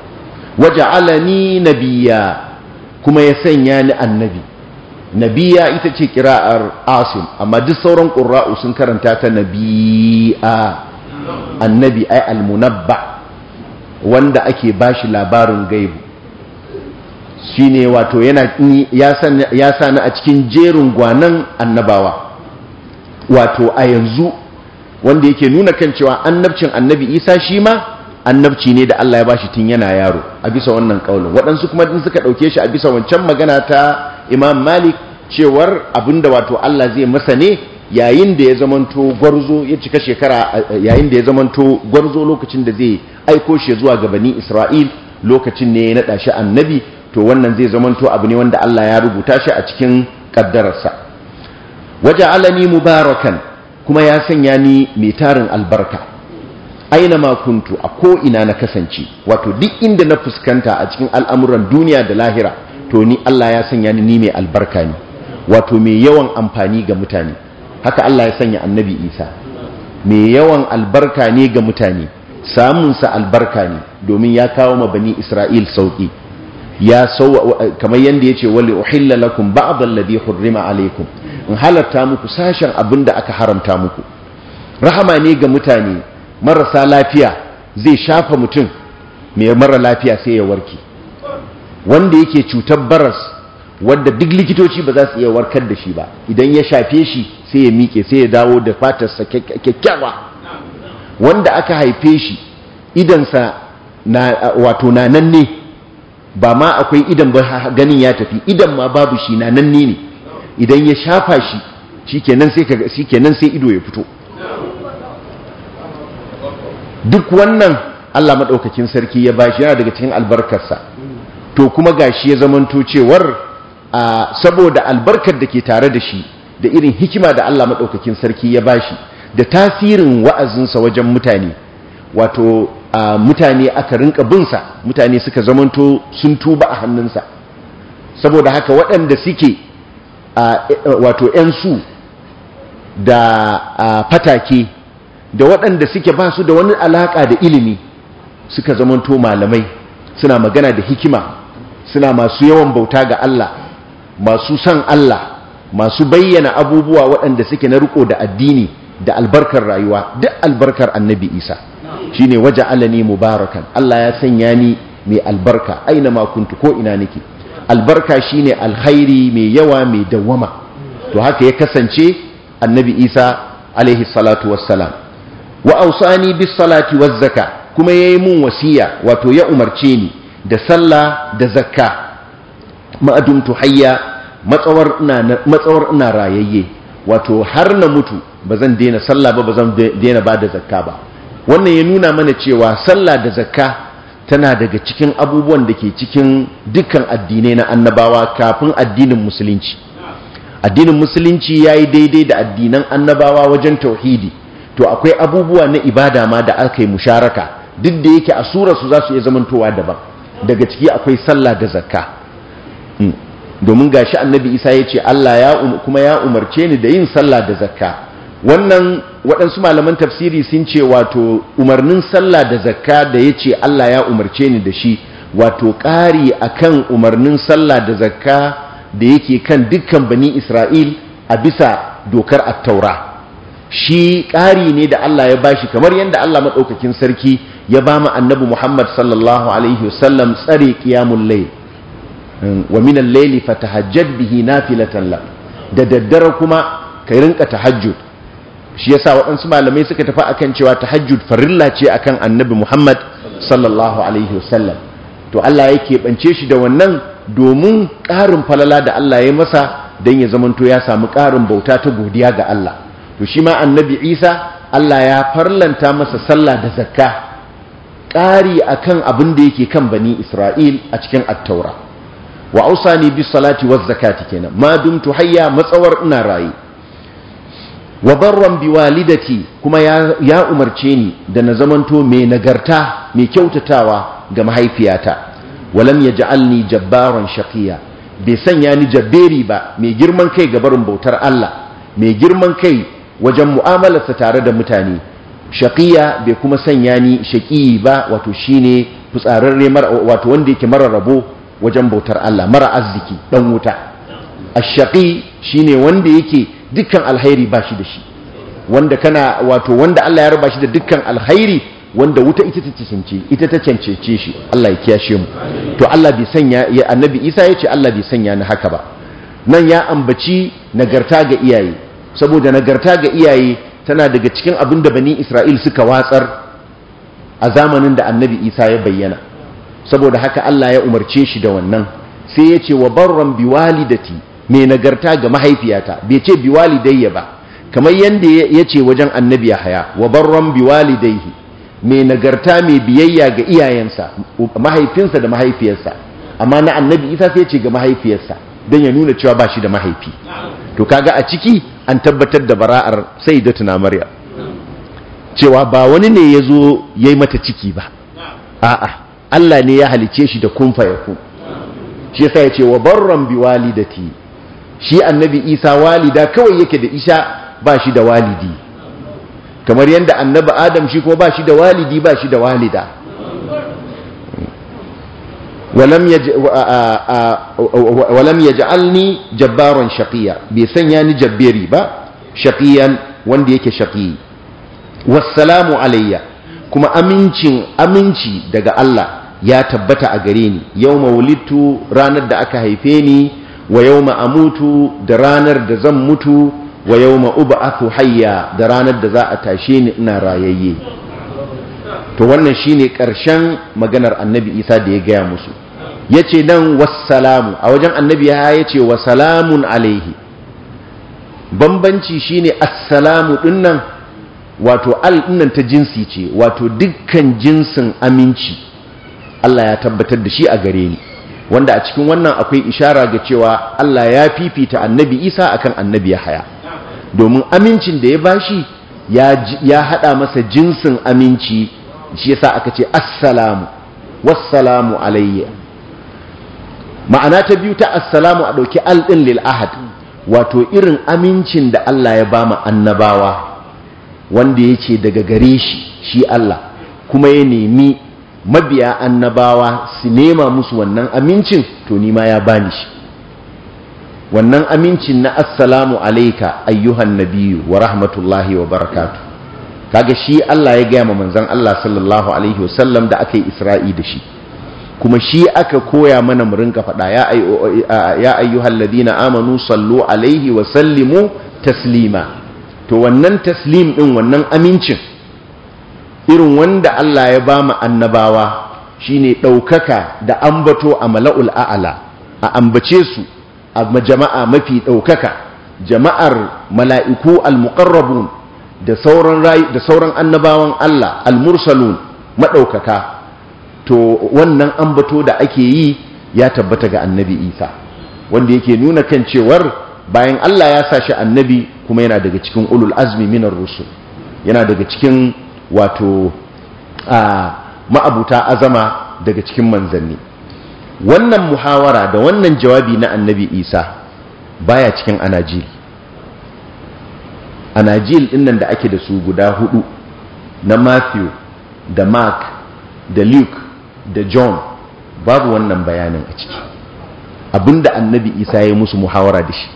waja'alani nabiyya kuma ya sanya ni annabi nabiya ita ce kira'ar asim amma duk sauran ƙura'u sun karanta ta nabiyya annabi ai almunabba wanda ake bashi labarin gaibu shine wato wato ya sani a cikin jerin gwanan annabawa wato a yanzu wanda yake nuna kan cewa annabcin annabi isa shi ma annabci ne da Allah ya bashi tun yana yaro a bisa wannan kaulin waɗansu kuma din suka ɗauke shi a bisa wancan magana ta Imam Malik cewar abinda wato Allah zai masa ne yayin da ya zamanto gwarzo ya cika shekara yayin da ya zamanto gwarzo lokacin da zai aiko shi zuwa ga bani Isra'il lokacin ne ya naɗa shi annabi to wannan zai zamanto abu ne wanda Allah ya rubuta shi a cikin kaddararsa waje alani mubarakan kuma ya sanya ni mai tarin albarka aina ma kuntu a ko ina na kasance wato duk inda na fuskanta a cikin al'amuran duniya da lahira to ni Allah ya sanya ni ni mai albarka ne wato mai yawan amfani ga mutane haka Allah ya sanya annabi Isa mai yawan albarka ne ga mutane samunsa albarka ne domin ya kawo ma bani Isra'il sauƙi ya sau kamar ya ce wali uhilla lakum ba'd alladhi hurrima alaykum in halarta muku sashen abinda aka haramta muku rahama ne ga mutane marasa lafiya zai shafa mutum mai mara lafiya sai ya warke wanda yake cutar baras wanda duk likitoci ba za su iya warkar da shi ba idan ya shafe shi sai ya miƙe sai ya dawo da fatarsa kyakkyawa wanda aka haife shi idansa wato na nan ne ba ma akwai idan ba ganin ya tafi idan ma babu shi na nan ne idan ya shafa shi shi shikenan sai ido ya fito duk wannan Allah maɗaukakin sarki ya bashi yana daga cikin albarkarsa to kuma gashi ya zamanto cewar saboda albarkar da ke tare da shi da irin hikima da Allah maɗaukakin sarki ya bashi da tasirin wa'azinsa wajen mutane wato mutane aka rinka binsa mutane suka zamanto sun tuba a hannunsa saboda haka waɗanda suke e, wato 'yan su da fatake da waɗanda suke ba su da wani alaƙa da ilimi suka zamanto malamai suna magana da hikima suna masu yawan bauta ga Allah masu san Allah masu bayyana abubuwa waɗanda suke na riko da addini da albarkar rayuwa duk albarkar annabi isa shine waje alani mubarakan Allah ya sanya ni mai albarka aina makuntu ko ina nake albarka shine alkhairi mai yawa mai dawama to haka ya kasance annabi isa alaihi salatu wassalam wa ausani bis salati waz zakka kuma yayi mun wasiya wato ya umarce ni da sallah da zakka adumtu hayya matsawar ina matsawar ina rayayye wato har na mutu bazan daina sallah ba bazan daina ba da zakka ba wannan ya nuna mana cewa sallah da zakka tana daga cikin abubuwan da ke cikin dukkan addinai na annabawa kafin addinin musulunci addinin musulunci yayi daidai da addinan annabawa wajen tauhidi to akwai abubuwa na ibada ma da aka yi musharaka duk da yake a surarsu za su iya zamantowa daban daga ciki akwai sallah da zakka hmm. domin ga shi annabi isa ya ce allah um- kuma ya umarce ni da yin sallah da zakka wannan waɗansu malaman tafsiri sun ce wato umarnin sallah da zakka da ya ce allah ya umarce ni da shi wato ƙari kan umarnin sallah da zakka da yake kan dukkan bani isra'il a bisa dokar attaura shi ƙari ne da Allah ya bashi kamar yadda Allah maɗaukakin sarki ya ba mu annabi Muhammad sallallahu alaihi wasallam tsare ƙiyamun lai mm, wa minan laili layli fatahajjad bihi nafilatan la da daddare kuma ka rinka tahajjud shi yasa waɗansu malamai suka tafi akan cewa tahajjud farilla ce akan annabi Muhammad sallallahu alaihi wasallam to Allah ya keɓance shi da wannan domin ƙarin falala da Allah ya masa don ya zamanto ya samu ƙarin bauta ta godiya ga Allah to shi ma annabi isa allah ya farlanta masa sallah da zakka ƙari a kan abin da yake kan bani isra'il a cikin attaura wa ne bi salati wa zakati kenan ma tu hayya matsawar ina raye wa barran bi walidati kuma ya, umarce ni da na zamanto mai nagarta mai kyautatawa ga mahaifiyata walam ya alni jabbaran shaqiya bai sanya ni jabberi ba mai girman kai ga barin bautar Allah mai girman kai wajen mu'amalarsa tare da mutane shaqiya bai kuma sanya ni shaqi ba wato shine fitsararre wato wanda yake mara rabo wajen bautar Allah mara arziki dan wuta ash-shaqi shine wanda yake dukkan alkhairi ba shi da shi wanda kana wato wanda Allah ya raba shi da dukkan alkhairi wanda wuta ita ta cince ita ta cancece shi Allah ya kiyashe mu to Allah bai sanya ya annabi Isa ya ce Allah bai sanya ni haka ba nan ya ambaci nagarta ga iyaye saboda nagarta ga iyaye tana daga cikin abin da bani isra'il suka watsar a zamanin da annabi isa ya bayyana saboda haka allah ya umarce shi da wannan sai ya ce wa barran biwalidati mai nagarta ga mahaifiyata bai ce biwalidayya ba kamar yadda ya ce wajen annabi ya haya wa barran biwalidaihi mai nagarta mai biyayya ga iyayensa mahaifinsa da mahaifiyarsa amma na annabi isa sai ce ga mahaifiyarsa don ya nuna cewa ba shi da mahaifi to kaga a ciki an tabbatar da bara'ar sai da tuna maryam cewa ba wani ne ya zo ya yi mata ciki ba a'a Allah ne ya halice shi da kun fayaku shi yasa ya ce wa barran bi walidati shi annabi isa walida kawai yake da isa ba shi da walidi kamar yadda annabi adam shi kuma ba shi da walidi ba shi da walida walam ya ja'alni jabbaron shaƙiya bai sanya ni jabberi ba shaƙiyan wanda yake shaƙi wassalamu alayya kuma amincin aminci daga Allah ya tabbata a gare ni yau mawulittu ranar da aka haife ni wa yau ma'amutu da ranar da zan mutu wa yau ma'uba aku hayya da ranar da za a tashe ni ina rayayye to wannan shine karshen maganar annabi isa da ya gaya musu ya ce nan wasalamu a wajen annabi ya ya ce wasalamun alaihi bambanci shine assalamu dinnan wato al ta jinsi ce wato dukkan jinsin aminci Allah ya tabbatar da shi a gare ni wanda a cikin wannan akwai ishara ga cewa Allah ya fifita annabi isa akan annabi ya haya domin amincin da ya bashi ya haɗa masa jinsin aminci shi yasa aka ce assalamu wassalamu alayya ma'ana ta biyu ta assalamu a ɗauki alɗin lil ahad wato irin amincin da Allah ya bama annabawa wanda yake daga gare shi shi Allah kuma ya nemi mabiya annabawa su nema musu wannan amincin to nima ya bani shi wannan amincin na assalamu alayka ayyuhan nabiyyu wa rahmatullahi wa barakatuh kaga shi Allah ya gaya ma manzon Allah sallallahu alaihi wasallam da aka yi Isra'i da shi kuma shi aka koya mana mu rinka faɗa ya ya ayyuhalladhina amanu sallu alaihi wa sallimu taslima to wannan taslim ɗin wannan amincin irin wanda Allah ya ba mu annabawa shine ɗaukaka da ambato a mala'ul a'ala a ambace su a jama'a mafi ɗaukaka jama'ar mala'iku al-muqarrabun da sauran da sauran annabawan Allah al-mursalun madaukaka to wannan ambato da ake yi ya tabbata ga annabi Isa wanda yake nuna kan cewar bayan Allah ya sa shi annabi kuma yana daga cikin ulul azmi minar rusul yana daga cikin wato a ma'abuta azama daga cikin manzanni wannan muhawara da wannan jawabi na annabi Isa baya cikin anajili anajil din nan da ake da su guda hudu na matthew da mark da luke da john babu wannan bayanin a ciki abinda annabi isa ya musu muhawara da shi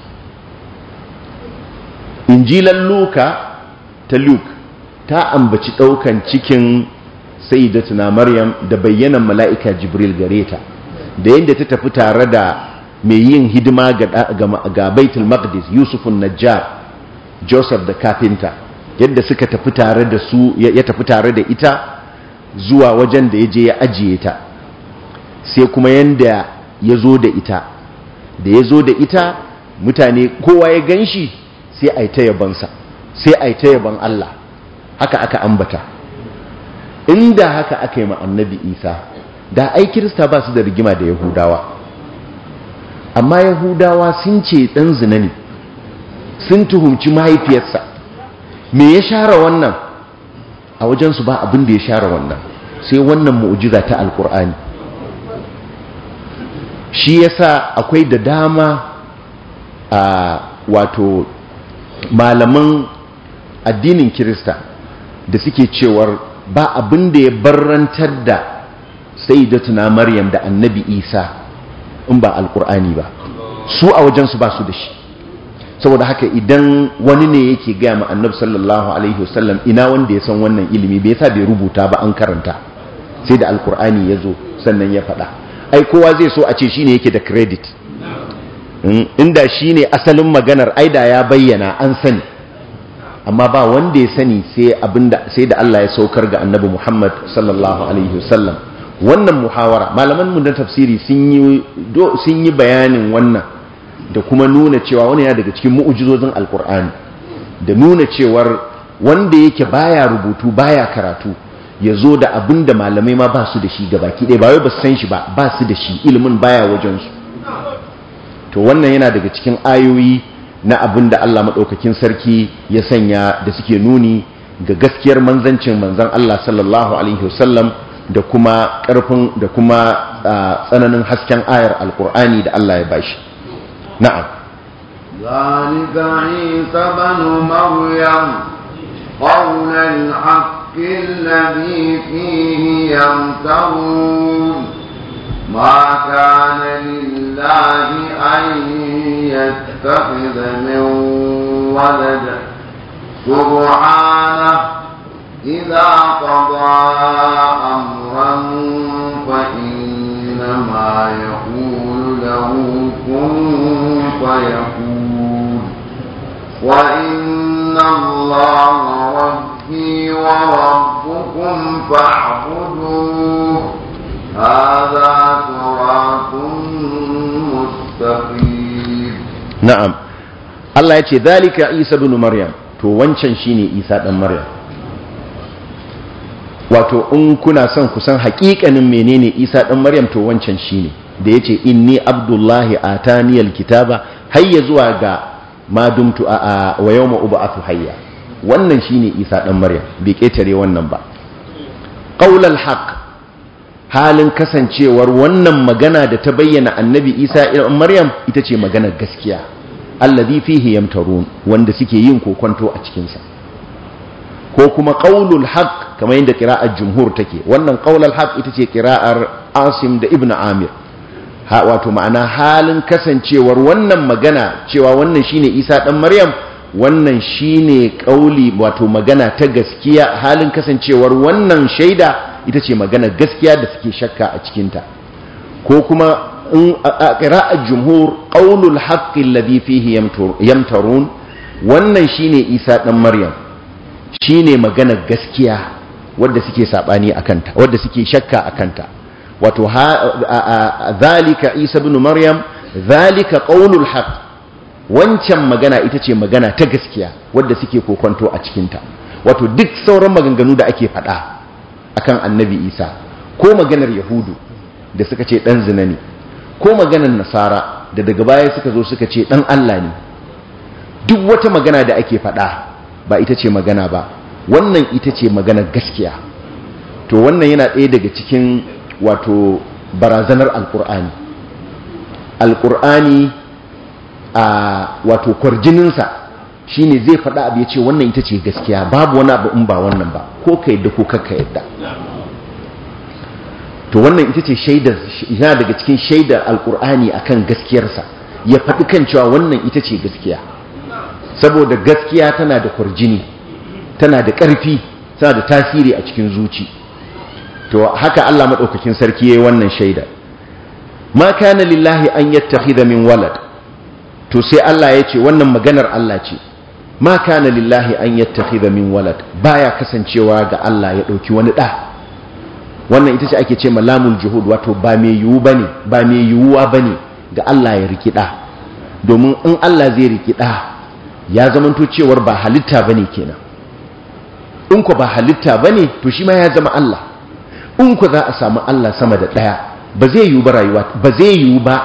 injilan luka ta luke ta ambaci daukan cikin sayyidatuna maryam da bayyanan mala'ika jibril gare ta da yadda ta tafi tare da mai yin hidima ga baitul maqdis yusufun najjar joseph da kafinta yadda suka tafi tare da su ya tafi tare da ita zuwa wajen da ya je ya ajiye ta sai kuma yadda ya zo da ita da ya zo da ita mutane kowa ya gan shi sai a yi ta yabansa sai a yi ta yaban Allah haka aka ambata inda haka aka yi annabi isa da ai kirista ba su da rigima da yahudawa amma yahudawa sun ce ɗan zina ne sun tuhumci mahaifiyarsa me ya share wannan a wajensu ba abin da ya share wannan sai wannan mu'ujiza ta alkur'ani shi yasa akwai da dama a wato malaman addinin kirista da suke cewar ba abin da ya barrantar da sayyidatuna maryam da annabi isa in ba alkur'ani ba su a wajensu ba su da shi saboda haka idan wani ne yake gaya ma annab sallallahu alaihi wasallam ina wanda ya san wannan ilimi bai sa bai rubuta ba an karanta sai da alkur'ani ya zo sannan ya faɗa ai kowa zai so a ce shi ne yake da credit hmm? inda shi ne asalin maganar ai da ya bayyana an sani amma ba wanda ya sani sai da Allah ya saukar ga annabi Muhammad sallallahu alaihi wasallam wannan muhawara malaman mu na tafsiri sun yi bayanin wannan da kuma nuna cewa wani ya daga cikin mu'ujizozin alkur'ani da nuna cewar wanda yake baya rubutu baya karatu ya zo da abin da malamai ma ba su da shi gabaki ɗaya ba wai ba san shi ba ba su da shi ilimin baya wajensu to wannan yana daga cikin ayoyi na abin da Allah maɗaukakin sarki ya sanya da suke nuni ga gaskiyar manzancin manzan Allah sallallahu alaihi wasallam da kuma ƙarfin da kuma ah, tsananin hasken ayar alkur'ani da Allah ya bashi نعم ذلك عيسى بن مريم قول الحق الذي فيه يمترون ما كان لله أن يتخذ من ولد سبحانه إذا قضى أمرا فإنما يقول له كن فيقول وإن الله ربي وربكم فاعبدوه هذا صراط مستقيم نعم الله يقول ذلك عيسى بن مريم تو وانشان شيني عيسى بن مريم wato in kuna son kusan hakikanin menene Isa dan Maryam to wancan shine da ya ce inni abdullahi a taniyar kitaba hayya zuwa ga madumtu a wa yau ma'uba a hayya wannan shi ne isa ɗan maryam bai ƙetare wannan ba ƙaular haƙ halin kasancewar wannan magana da ta bayyana annabi isa ɗan eh, maryam ita ce maganar gaskiya allazi fihi yamtarun wanda suke yin kokonto a cikinsa ko kuma ƙaulul haƙ kamar yadda ƙira'ar jumhur take wannan ƙaular haƙ ita ce ƙira'ar asim da ibn amir wato ma'ana halin kasancewar wannan magana cewa wannan shine isa dan maryam wannan shine kauli wato magana ta gaskiya halin kasancewar wannan shaida ita ce magana gaskiya da suke shakka a cikinta ko kuma in qira'at jumhur qaulul haqqi alladhi fihi yamtarun wannan shine isa dan maryam shine magana gaskiya wadda suke sabani akanta kanta. suke shakka akanta wato zalika isa binu maryam zalika ƙaunul haƙ wancan magana ita ce magana ta gaskiya wadda suke kokonto a cikinta wato duk sauran maganganu da ake faɗa kan annabi isa ko maganar yahudu da suka ce ɗan zina ne ko maganar nasara da daga baya suka zo suka ce ɗan allah ne duk wata magana da ake faɗa ba ita ce magana ba wannan ita ce magana gaskiya to wannan yana ɗaya daga cikin wato barazanar alkur'ani alkur'ani a wato kwarjininsa shi ne zai faɗa abu ya ce wannan ita ce gaskiya babu wani abu in ba wannan ba ko ka yadda ko kakka yadda to wannan ita ce shaidar yana daga cikin shaidar alkur'ani akan gaskiyarsa ya faɗi kan cewa wannan ita ce gaskiya saboda gaskiya tana da kwarjini tana da ƙarfi tana da tasiri a cikin zuci to haka Allah madaukakin sarki yayin wannan shaida ma kana lillahi an yattakhidha min walad to sai Allah ya ce wannan maganar Allah ce ma kana lillahi an yattakhidha min walad baya kasancewa ga Allah ya dauki wani da wannan ita ce ake ce malamul juhud wato ba mai yiwu bane ba me yiwuwa bane ga Allah ya riki da domin in Allah zai riki da ya zamanto cewar ba halitta bane kenan in ko ba halitta bane to shi ma ya zama Allah in ku za a samu Allah sama da ɗaya ba zai yiwu ba rayuwa ba zai yiwu ba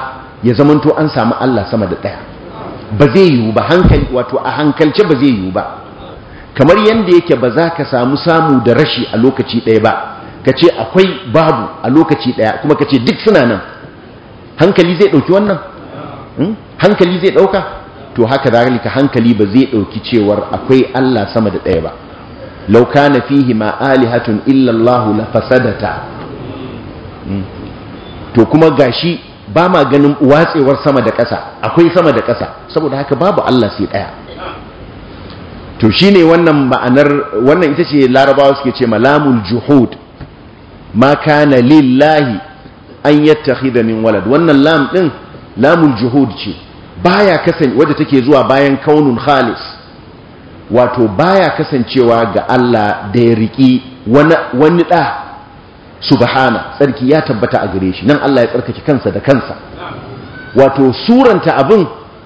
ya zamanto an samu Allah sama da ɗaya ba zai yiwu ba hankali wato a hankalce ba zai yiwu ba kamar yadda yake ba za ka samu samu da rashi a lokaci ɗaya ba ka ce akwai babu a lokaci ɗaya kuma ka ce duk suna nan hankali zai ɗauki wannan hmm? hankali zai ɗauka to haka zalika hankali ba zai ɗauki cewar akwai Allah sama da ɗaya ba لو كان fihi ma alihatun illa Allah fasadata to kuma gashi ba ma ganin watsewar sama da ƙasa akwai sama da ƙasa saboda haka babu Allah sai ɗaya. to shine wannan ma'anar wannan ita ce larabawa suke ce malamul juhud ma kana lillahi an yattakhidha min walad wannan lam din lamul juhud ce baya kasance wadda take zuwa bayan kaunun khalis wato baya kasancewa ga Allah da ya riki wani ɗa subhana tsarki ya tabbata a gare shi nan Allah ya tsarkake kansa da kansa wato suranta abin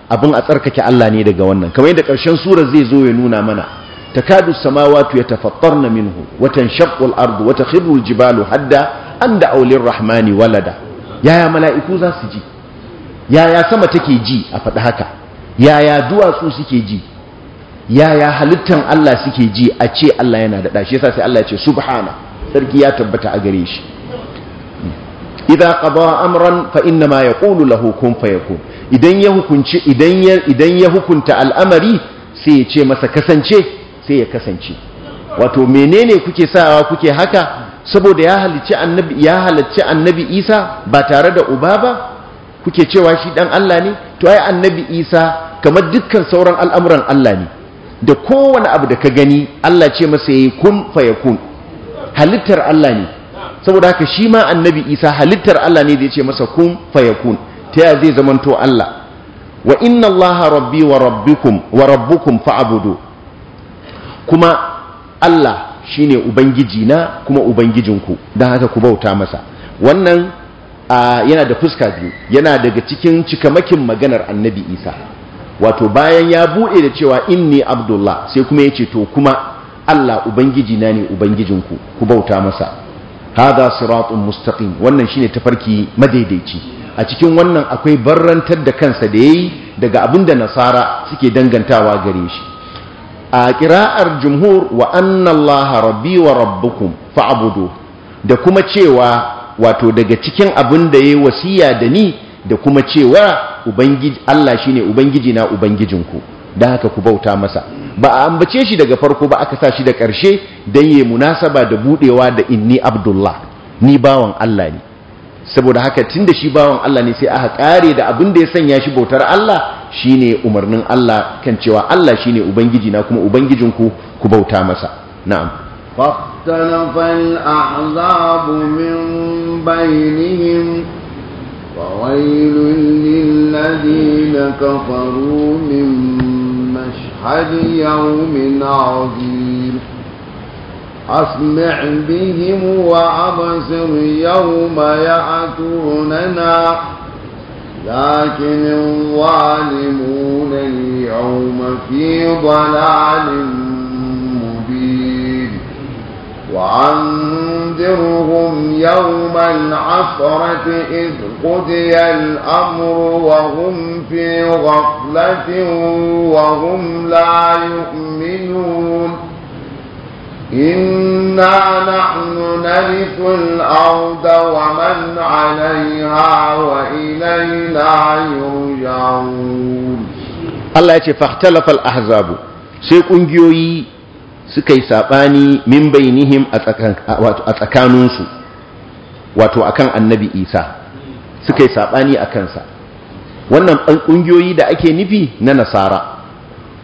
abin a tsarkake Allah ne daga wannan kamar yadda ƙarshen surar zai zo ya nuna mana takadu samawati yatafattarna minhu wa tanshaqqu al-ardu wa takhiru jibalu hadda an da aulir rahmani walada yaya mala'iku za su ji yaya sama take ji a faɗi haka yaya duwatsu suke ji yaya halittan Allah suke ji a ce Allah yana da dashi yasa sai Allah ya ce subhana sarki ya tabbata a gare shi idza qada amran fa inna ma yaqulu lahu kun fayakun idan ya hukunci idan ya idan ya hukunta al'amari sai ya ce masa kasance sai ya kasance wato menene kuke sawa kuke haka saboda ya halicci annabi Isa ba tare da uba ba kuke cewa shi dan Allah ne to ai annabi Isa kamar dukkan sauran al'amuran Allah ne da kowane abu da ka gani Allah ce masa yayi kun kun. halittar Allah ne saboda haka shi ma annabi Isa halittar Allah ne da ya ce masa kun kun. ta ya zai zamanto Allah wa inna Allah rabbi wa rabbikum wa rabbukum kuma Allah shine ubangiji na kuma ubangijinku dan haka ku bauta masa wannan yana da fuska biyu yana daga cikin cikamakin maganar annabi Isa wato bayan ya buɗe da cewa inni abdullah sai kuma ya ce to kuma Allah ubangiji na ne ubangijinku ku bauta masa haza siratun mustaqim wannan shine tafarki madaidaici a cikin wannan akwai barrantar da kansa da yayi daga abinda nasara suke dangantawa gare shi a kira'ar jumhur wa anna allah rabbi wa rabbukum fa'budu da kuma cewa wato daga cikin abin da yayi wasiya da ni da kuma cewa ubangiji Allah shine ubangiji na ubangijinku dan haka ku bauta masa ba a ambace shi daga farko ba aka sa shi da ƙarshe dan yayi munasaba da budewa da inni abdullah ni bawan Allah ne saboda haka tunda shi bawan Allah ne sai aka kare da abin da ya sanya shi bautar Allah shine umarnin Allah kan cewa Allah shine ubangiji na kuma ubangijinku ku bauta masa na'am فاختلف الأحزاب من بينهم فويل للذين كفروا من مشهد يوم عظيم أسمع بهم وأبصر يوم يأتوننا لكن الظالمون اليوم في ضلال مبين وعن تُنذِرُهُمْ يوم العصرة إذ قضي الأمر وهم في غفلة وهم لا يؤمنون إنا نحن نرث الأرض ومن عليها وإلينا يرجعون الله يقول فاختلف الأحزاب سيكون جيوي suka yi saɓani min bainihim a tsakaninsu wato akan annabi isa suka yi saɓani a kansa wannan ɗan ƙungiyoyi da ake nufi na nasara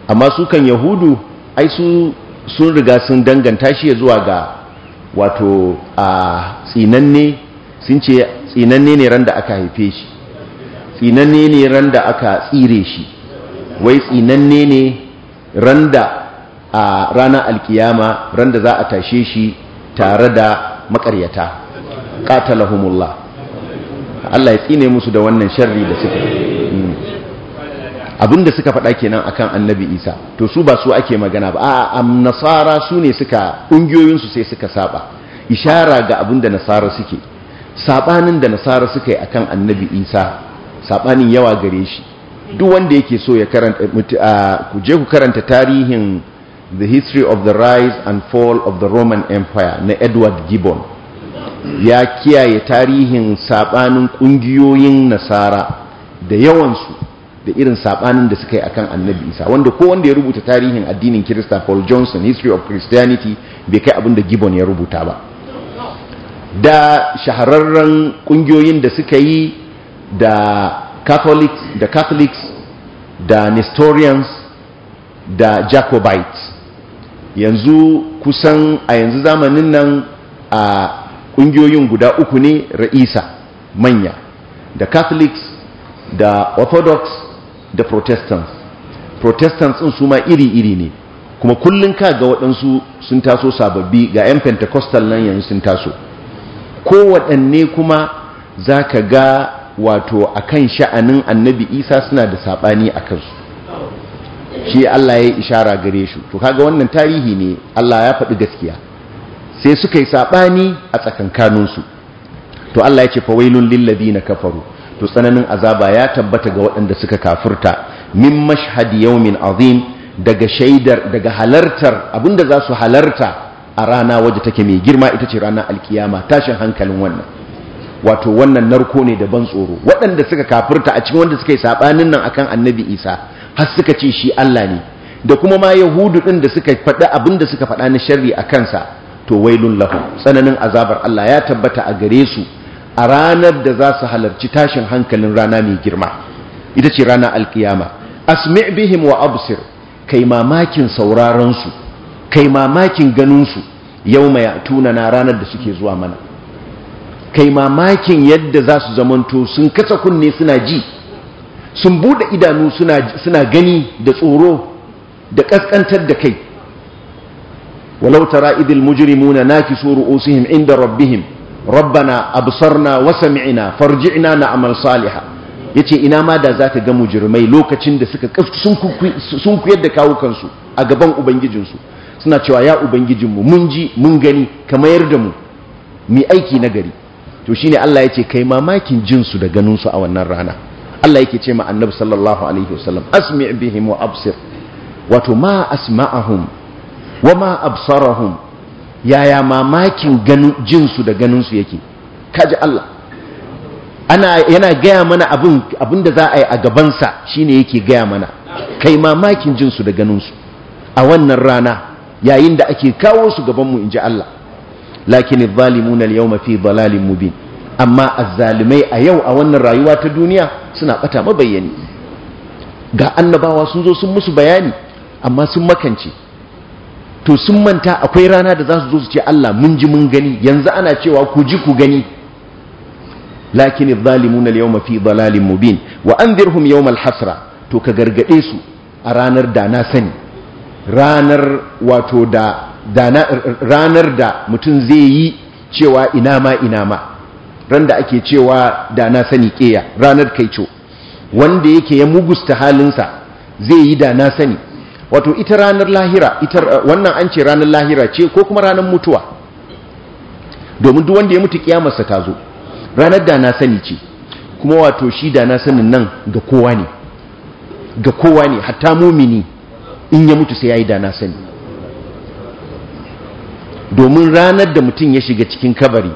amma su kan yahudu ai su sun riga sun danganta shi zuwa ga wato a tsinanne sun ce tsinanne ne ran aka haife shi tsinanne ne ran aka tsire shi wai tsinanne ne ran a ranar alkiyama ran da za a tashe shi tare da makaryata katalahumullah Allah ya tsine musu da wannan sharri da suka hmm. abinda suka faɗa kenan akan annabi isa to su ba su ake magana ba a nasara su ne suka ƙungiyoyinsu sai suka saba ishara ga abinda nasara suke sabanin da nasara suka yi akan annabi isa sabanin yawa gare shi duk wanda yake so ya karanta ku je ku karanta tarihin The History of the Rise and Fall of the Roman Empire na Edward Gibbon ya kiyaye tarihin sabanin kungiyoyin nasara da yawansu da irin sabanin da suka yi akan annabi isa wanda ko wanda ya rubuta tarihin addinin kirista paul johnson history of christianity bai kai abin da gibbon ya rubuta ba da shahararren kungiyoyin da suka yi da catholics da catholics da nestorians da jacobites yanzu kusan a yanzu zamanin nan a ƙungiyoyin guda uku ne ra'isa manya da catholics da orthodox da protestants protestants ɗin su ma iri-iri ne kuma kullum ka ga waɗansu sun taso sababbi ga 'yan pentecostal nan yanzu sun taso Ko waɗanne kuma za ka ga wato akan sha'anin annabi isa suna da saɓani a kansu shi Allah ya yi ishara gare shi to kaga wannan tarihi ne Allah ya faɗi gaskiya sai suka yi saɓani a tsakan tsakankaninsu to Allah ya ce fawailun na kafaru to tsananin azaba ya tabbata ga waɗanda suka kafurta min mashhadi yawmin azim daga shaidar daga halartar abinda za su halarta a rana waje take mai girma ita ce ranar alkiyama tashin hankalin wannan wato wannan narko ne da ban tsoro waɗanda suka kafurta a cikin wanda suka yi saɓanin nan akan annabi isa har suka ce shi Allah ne da kuma ma yahudu din da suka faɗi abin da suka faɗa na sharri a kansa to wailun lahu tsananin azabar Allah ya tabbata a gare su a ranar da za su halarci tashin hankalin rana mai girma ita ce rana alkiyama asmi' bihim wa absir kai mamakin sauraron su kai mamakin ganin su yawma ya'tuna na ranar da suke zuwa mana kai mamakin yadda za su zamanto sun kasa kunne suna ji sun bude idanu suna gani da tsoro da kaskantar da kai walau tara idil mujrimuna nakisu ru'usihim inda rabbihim rabbana absarna wa sami'na farji'na Saliha ya yace ina ma da zaka ga mujrimai lokacin da suka sun kuyar da kawukansu a gaban ubangijinsu suna cewa ya ubangijinmu mun ji mun gani ka mayar da mu Mi aiki nagari gari to ne Allah yace kai mamakin jinsu da ganinsu a wannan rana Allah yake ce ma annabi sallallahu alaihi wasallam asmi' bihim wa absir wato ma asma'ahum wa ma absarahum yaya mamakin ganin jinsu da ganin su yake kaji Allah ana yana gaya mana abin abin da za a yi a gabansa shine yake gaya mana kai mamakin jinsu da ganin su a wannan rana yayin da ake kawo su gaban mu inji Allah lakin adh-dhalimuna al-yawma fi dhalalin mubin amma azzalumai a yau a wannan rayuwa ta duniya suna bata mabayani ga annabawa sun zo sun musu bayani amma sun makance to sun manta akwai rana da za su zo su ce Allah mun ji mun gani yanzu ana cewa ku ji ku gani lakin adh alyawma fi dalalin mubin wa anzirhum yawm alhasra to ka gargade su a ranar da na sani ranar wato da ranar da mutum zai yi cewa ina ma ina ma ran da ake cewa da na sani keya ranar kaico wanda yake ya mugusta halinsa zai yi da na sani wato ita ranar lahira ita wannan an ce ranar lahira ce ko kuma ranar mutuwa domin duk wanda ya mutu kiyamarsa ta zo ranar da na sani ce kuma wato shi da na sanin nan ga kowa ne ga kowa ne hatta mumini in ya mutu sai ya yi da na sani domin ranar da mutum ya shiga cikin kabari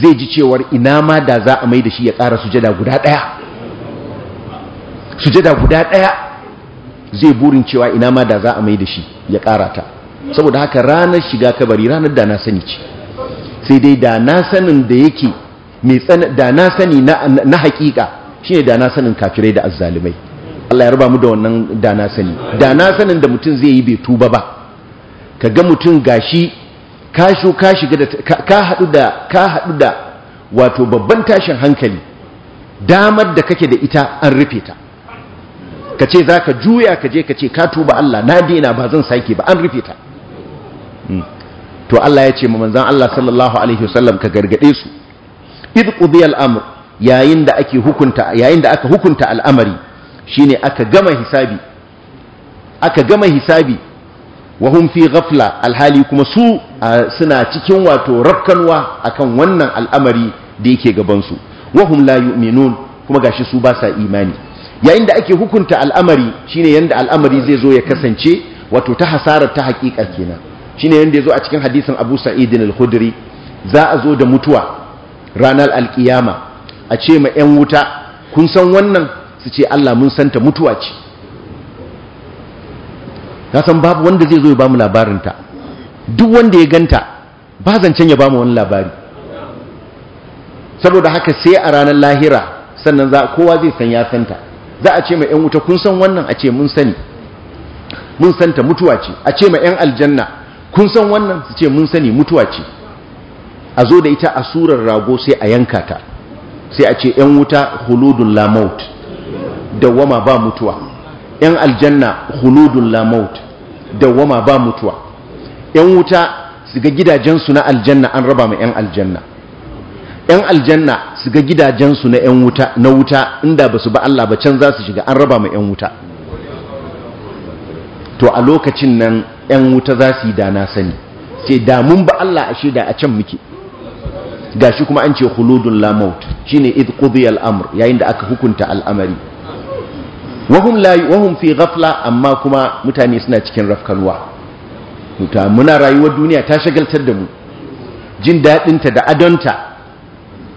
zai ji cewar ina ma da za a mai da shi ya kara sujada guda ɗaya sujada guda ɗaya zai burin cewa ina ma da za a mai da shi ya ƙara ta saboda haka ranar shiga kabari ranar da na sani ce sai dai da na sanin da yake da na sani na hakika shi ne da na sanin kafirai da azzalumai Allah ya raba mu da wannan da na sani da na sanin da mutum zai yi bai tuba ba ka ga mutum gashi ka shu ka shiga da ka hadu da ka hadu da wato babban tashin hankali damar da kake da ita an rufe ta kace zaka juya kaje kace ka tuba Allah na daina ba zan sake ba an rufe ta hmm. to Allah ya ce ma manzon Allah sallallahu alaihi wasallam ka gargade su id qudiya al-amr yayin da ake hukunta yayin da aka hukunta al'amari shine aka gama hisabi aka gama hisabi wahumfi fi ghafla alhali kuma su suna cikin wato rakkanwa akan wannan al'amari da yake gabansu wahum la yu'minun kuma gashi su ba sa imani yayin da ake hukunta al'amari shine yanda al'amari zai zo ya kasance wato ta hasara ta hakika kenan shine yanda yazo a cikin hadisin Abu Sa'id al-Khudri za a zo da mutuwa ranar alkiyama a ce ma 'yan wuta kun san wannan su ce Allah mun santa mutuwa ce na san babu wanda zai zo ya bamu labarin ta duk wanda ya ganta ba zancen ya bamu wani labari saboda haka sai a ranar lahira sannan za kowa zai san ya santa za a ce ma 'yan wuta kun san wannan a ce mun sani mun santa mutuwa ce a ce ma 'yan aljanna kun san wannan su ce mun sani mutuwa ce a zo da ita a surar rago sai a yanka ta sai a ce 'yan wuta huludun lamaut da dawwama ba mutuwa yan aljanna huludun lamaut, dawwama ba mutuwa yan wuta su ga gidajensu na aljanna an raba ma yan aljanna yan aljanna su ga gidajensu na yan wuta na wuta inda su ba Allah ba can za su shiga an raba ma yan wuta to a lokacin nan yan wuta za su yi da na sani sai da mun ba Allah ashe da a can muke Ga shi kuma an ce huludun lamaut shi shine id qudiya al-amr yayin da aka hukunta al'amari wahum la wahum fi ghafla amma kuma mutane suna cikin rafkanwa muta muna rayuwar duniya ta shagaltar da mu jin ta da adonta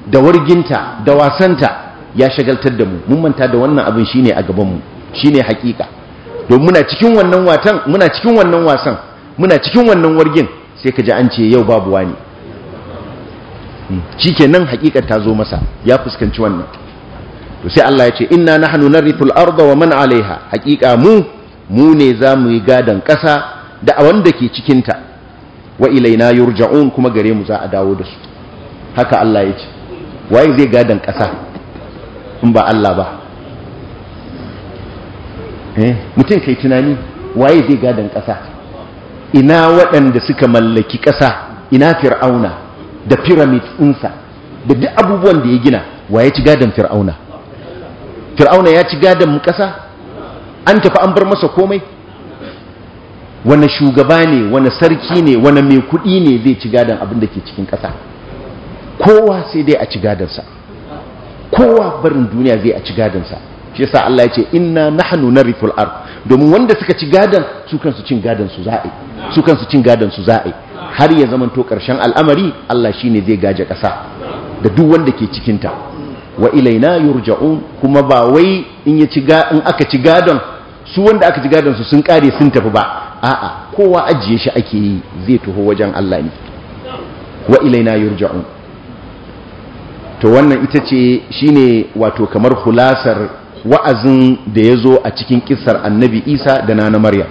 da warginta da wasanta ya shagaltar da mu mun manta da wannan abin shine a gaban mu shine hakika don muna cikin wannan watan muna cikin wannan wasan muna cikin wannan wargin sai kaji ji an ce yau babu wani hmm, shikenan hakikar ta zo masa ya fuskanci wannan to sai Allah ya ce inna nahnu narithul arda wa man alaiha haqiqa mu mu ne zamu yi gadan kasa da wanda ke cikin ta wa ilaina yurja'un kuma gare mu za a dawo da su haka Allah ya ce waye zai gadan kasa in ba Allah ba eh mutum kai tunani waye zai gadan kasa ina waɗanda suka mallaki kasa ina fir'auna da piramid insa da duk abubuwan da ya gina waye ci gadan fir'auna fir'auna ya ci gadon mu ƙasa an tafi an bar masa komai wani shugaba ne wani sarki ne wani mai kuɗi ne zai ci gadon abin da ke cikin ƙasa kowa sai dai a ci gadonsa kowa barin duniya zai a ci gadonsa shi yasa Allah ya ce inna nahnu narithul ard domin wanda suka ci gadon su kansu cin gadon su za'i su kansu cin gadon su za'i har ya zamanto ƙarshen al'amari Allah shine zai gaje ƙasa da duk wanda ke cikinta wa ilaina yurja'un kuma ba wai in ya ci ga in aka ci gadon su wanda aka ci gadon su sun kare sun tafi ba a'a kowa ajiye shi ake yi zai tuho wajen Allah ne wa ilaina yurja'un to wannan ita ce shine wato kamar kulasar wa'azin da ya zo a cikin kissar annabi Isa da nana Maryam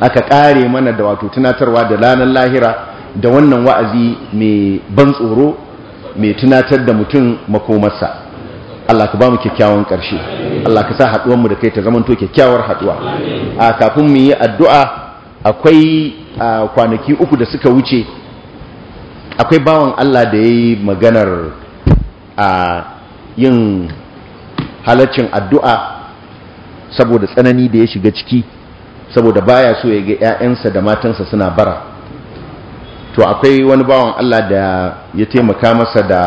aka kare mana da wato tunatarwa da lanan lahira da wannan wa'azi mai ban tsoro mai tunatar da mutum makomarsa Allah ka ba mu kyakkyawan ƙarshe Allah ka sa haɗuwanmu da kai ta to kyakkyawar haɗuwa a kafin mu yi addu'a akwai kwanaki uku da suka wuce akwai bawan Allah da ya yi maganar a yin halaccin addu'a saboda tsanani da ya shiga ciki saboda baya so ya ga ‘ya'yansa da matansa suna bara to akwai wani bawan Allah da ya taimaka masa da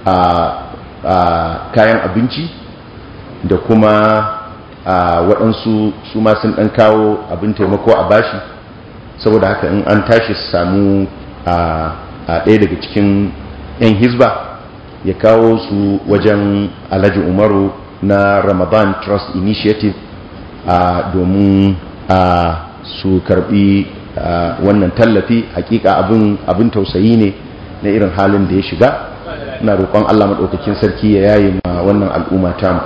a, kayan abinci da kuma a waɗansu su ma sun ɗan kawo abin taimako a bashi saboda haka in an tashi su samu a ɗaya daga cikin 'yan hisba ya kawo su wajen alhaji umaru na ramadan trust initiative a domin a su karbi wannan tallafi hakika abin abin tausayi ne na irin halin da ya shiga ina roƙon Allah madaukakin sarki ya yaye ma wannan al'umma ta mu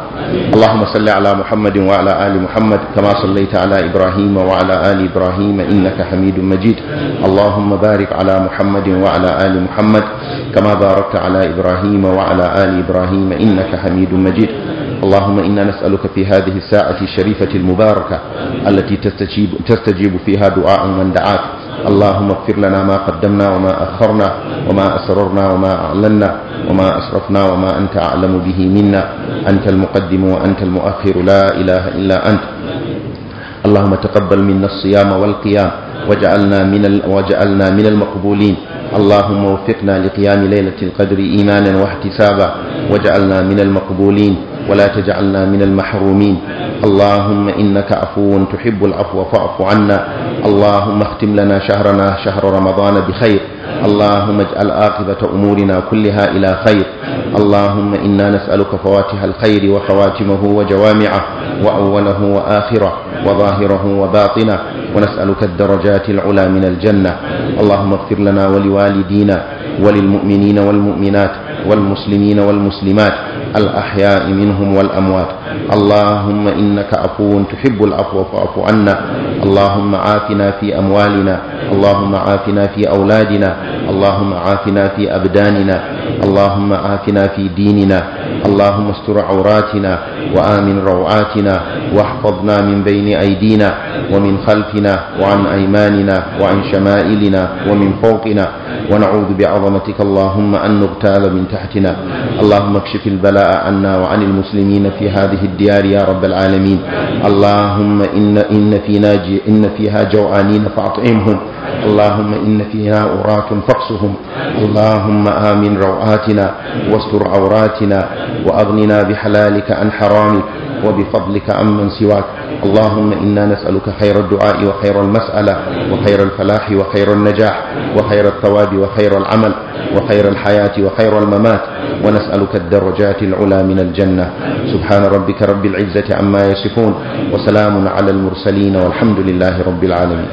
Allahumma salli ala Muhammadin wa ala ali Muhammad kama sallaita ala Ibrahim wa ala ali Ibrahim innaka Hamidum Majid Allahumma barik ala Muhammadin wa ala ali Muhammad kama barakta ala Ibrahim wa ala ali Ibrahim innaka Hamidum Majid اللهم إنا نسألك في هذه الساعة الشريفة المباركة التي تستجيب, تستجيب فيها دعاء من دعاك اللهم اغفر لنا ما قدمنا وما أخرنا وما أسررنا وما أعلنا وما أسرفنا وما أنت أعلم به منا أنت المقدم وأنت المؤخر لا إله إلا أنت اللهم تقبل منا الصيام والقيام وجعلنا من, وجعلنا من المقبولين اللهم وفقنا لقيام ليلة القدر إيمانا واحتسابا واجعلنا من المقبولين ولا تجعلنا من المحرومين اللهم إنك عفو تحب العفو فاعف عنا اللهم اختم لنا شهرنا شهر رمضان بخير اللهم اجعل عاقبة أمورنا كلها إلى خير اللهم إنا نسألك فواتح الخير وخواتمه وجوامعه وأوله وآخره وظاهره وباطنه ونسألك الدرجات العلى من الجنة اللهم اغفر لنا ولوالدينا وللمؤمنين والمؤمنات والمسلمين والمسلمات الأحياء منهم والأموات اللهم إنك عفو تحب العفو فاعف عنا اللهم عافنا في أموالنا اللهم عافنا في أولادنا اللهم عافنا في أبداننا اللهم آتنا في ديننا اللهم استر عوراتنا وآمن روعاتنا واحفظنا من بين أيدينا ومن خلفنا وعن أيماننا وعن شمائلنا ومن فوقنا ونعوذ بعظمتك اللهم أن نغتال من تحتنا اللهم اكشف البلاء عنا وعن المسلمين في هذه الديار يا رب العالمين اللهم إن, إن, فينا إن فيها جوعانين فأطعمهم اللهم إن فيها أراك فاقصهم اللهم آمن روعاتنا شبهاتنا واستر عوراتنا وأغننا بحلالك عن حرامك وبفضلك عن من سواك اللهم إنا نسألك خير الدعاء وخير المسألة وخير الفلاح وخير النجاح وخير الثواب وخير العمل وخير الحياة وخير الممات ونسألك الدرجات العلى من الجنة سبحان ربك رب العزة عما يصفون وسلام على المرسلين والحمد لله رب العالمين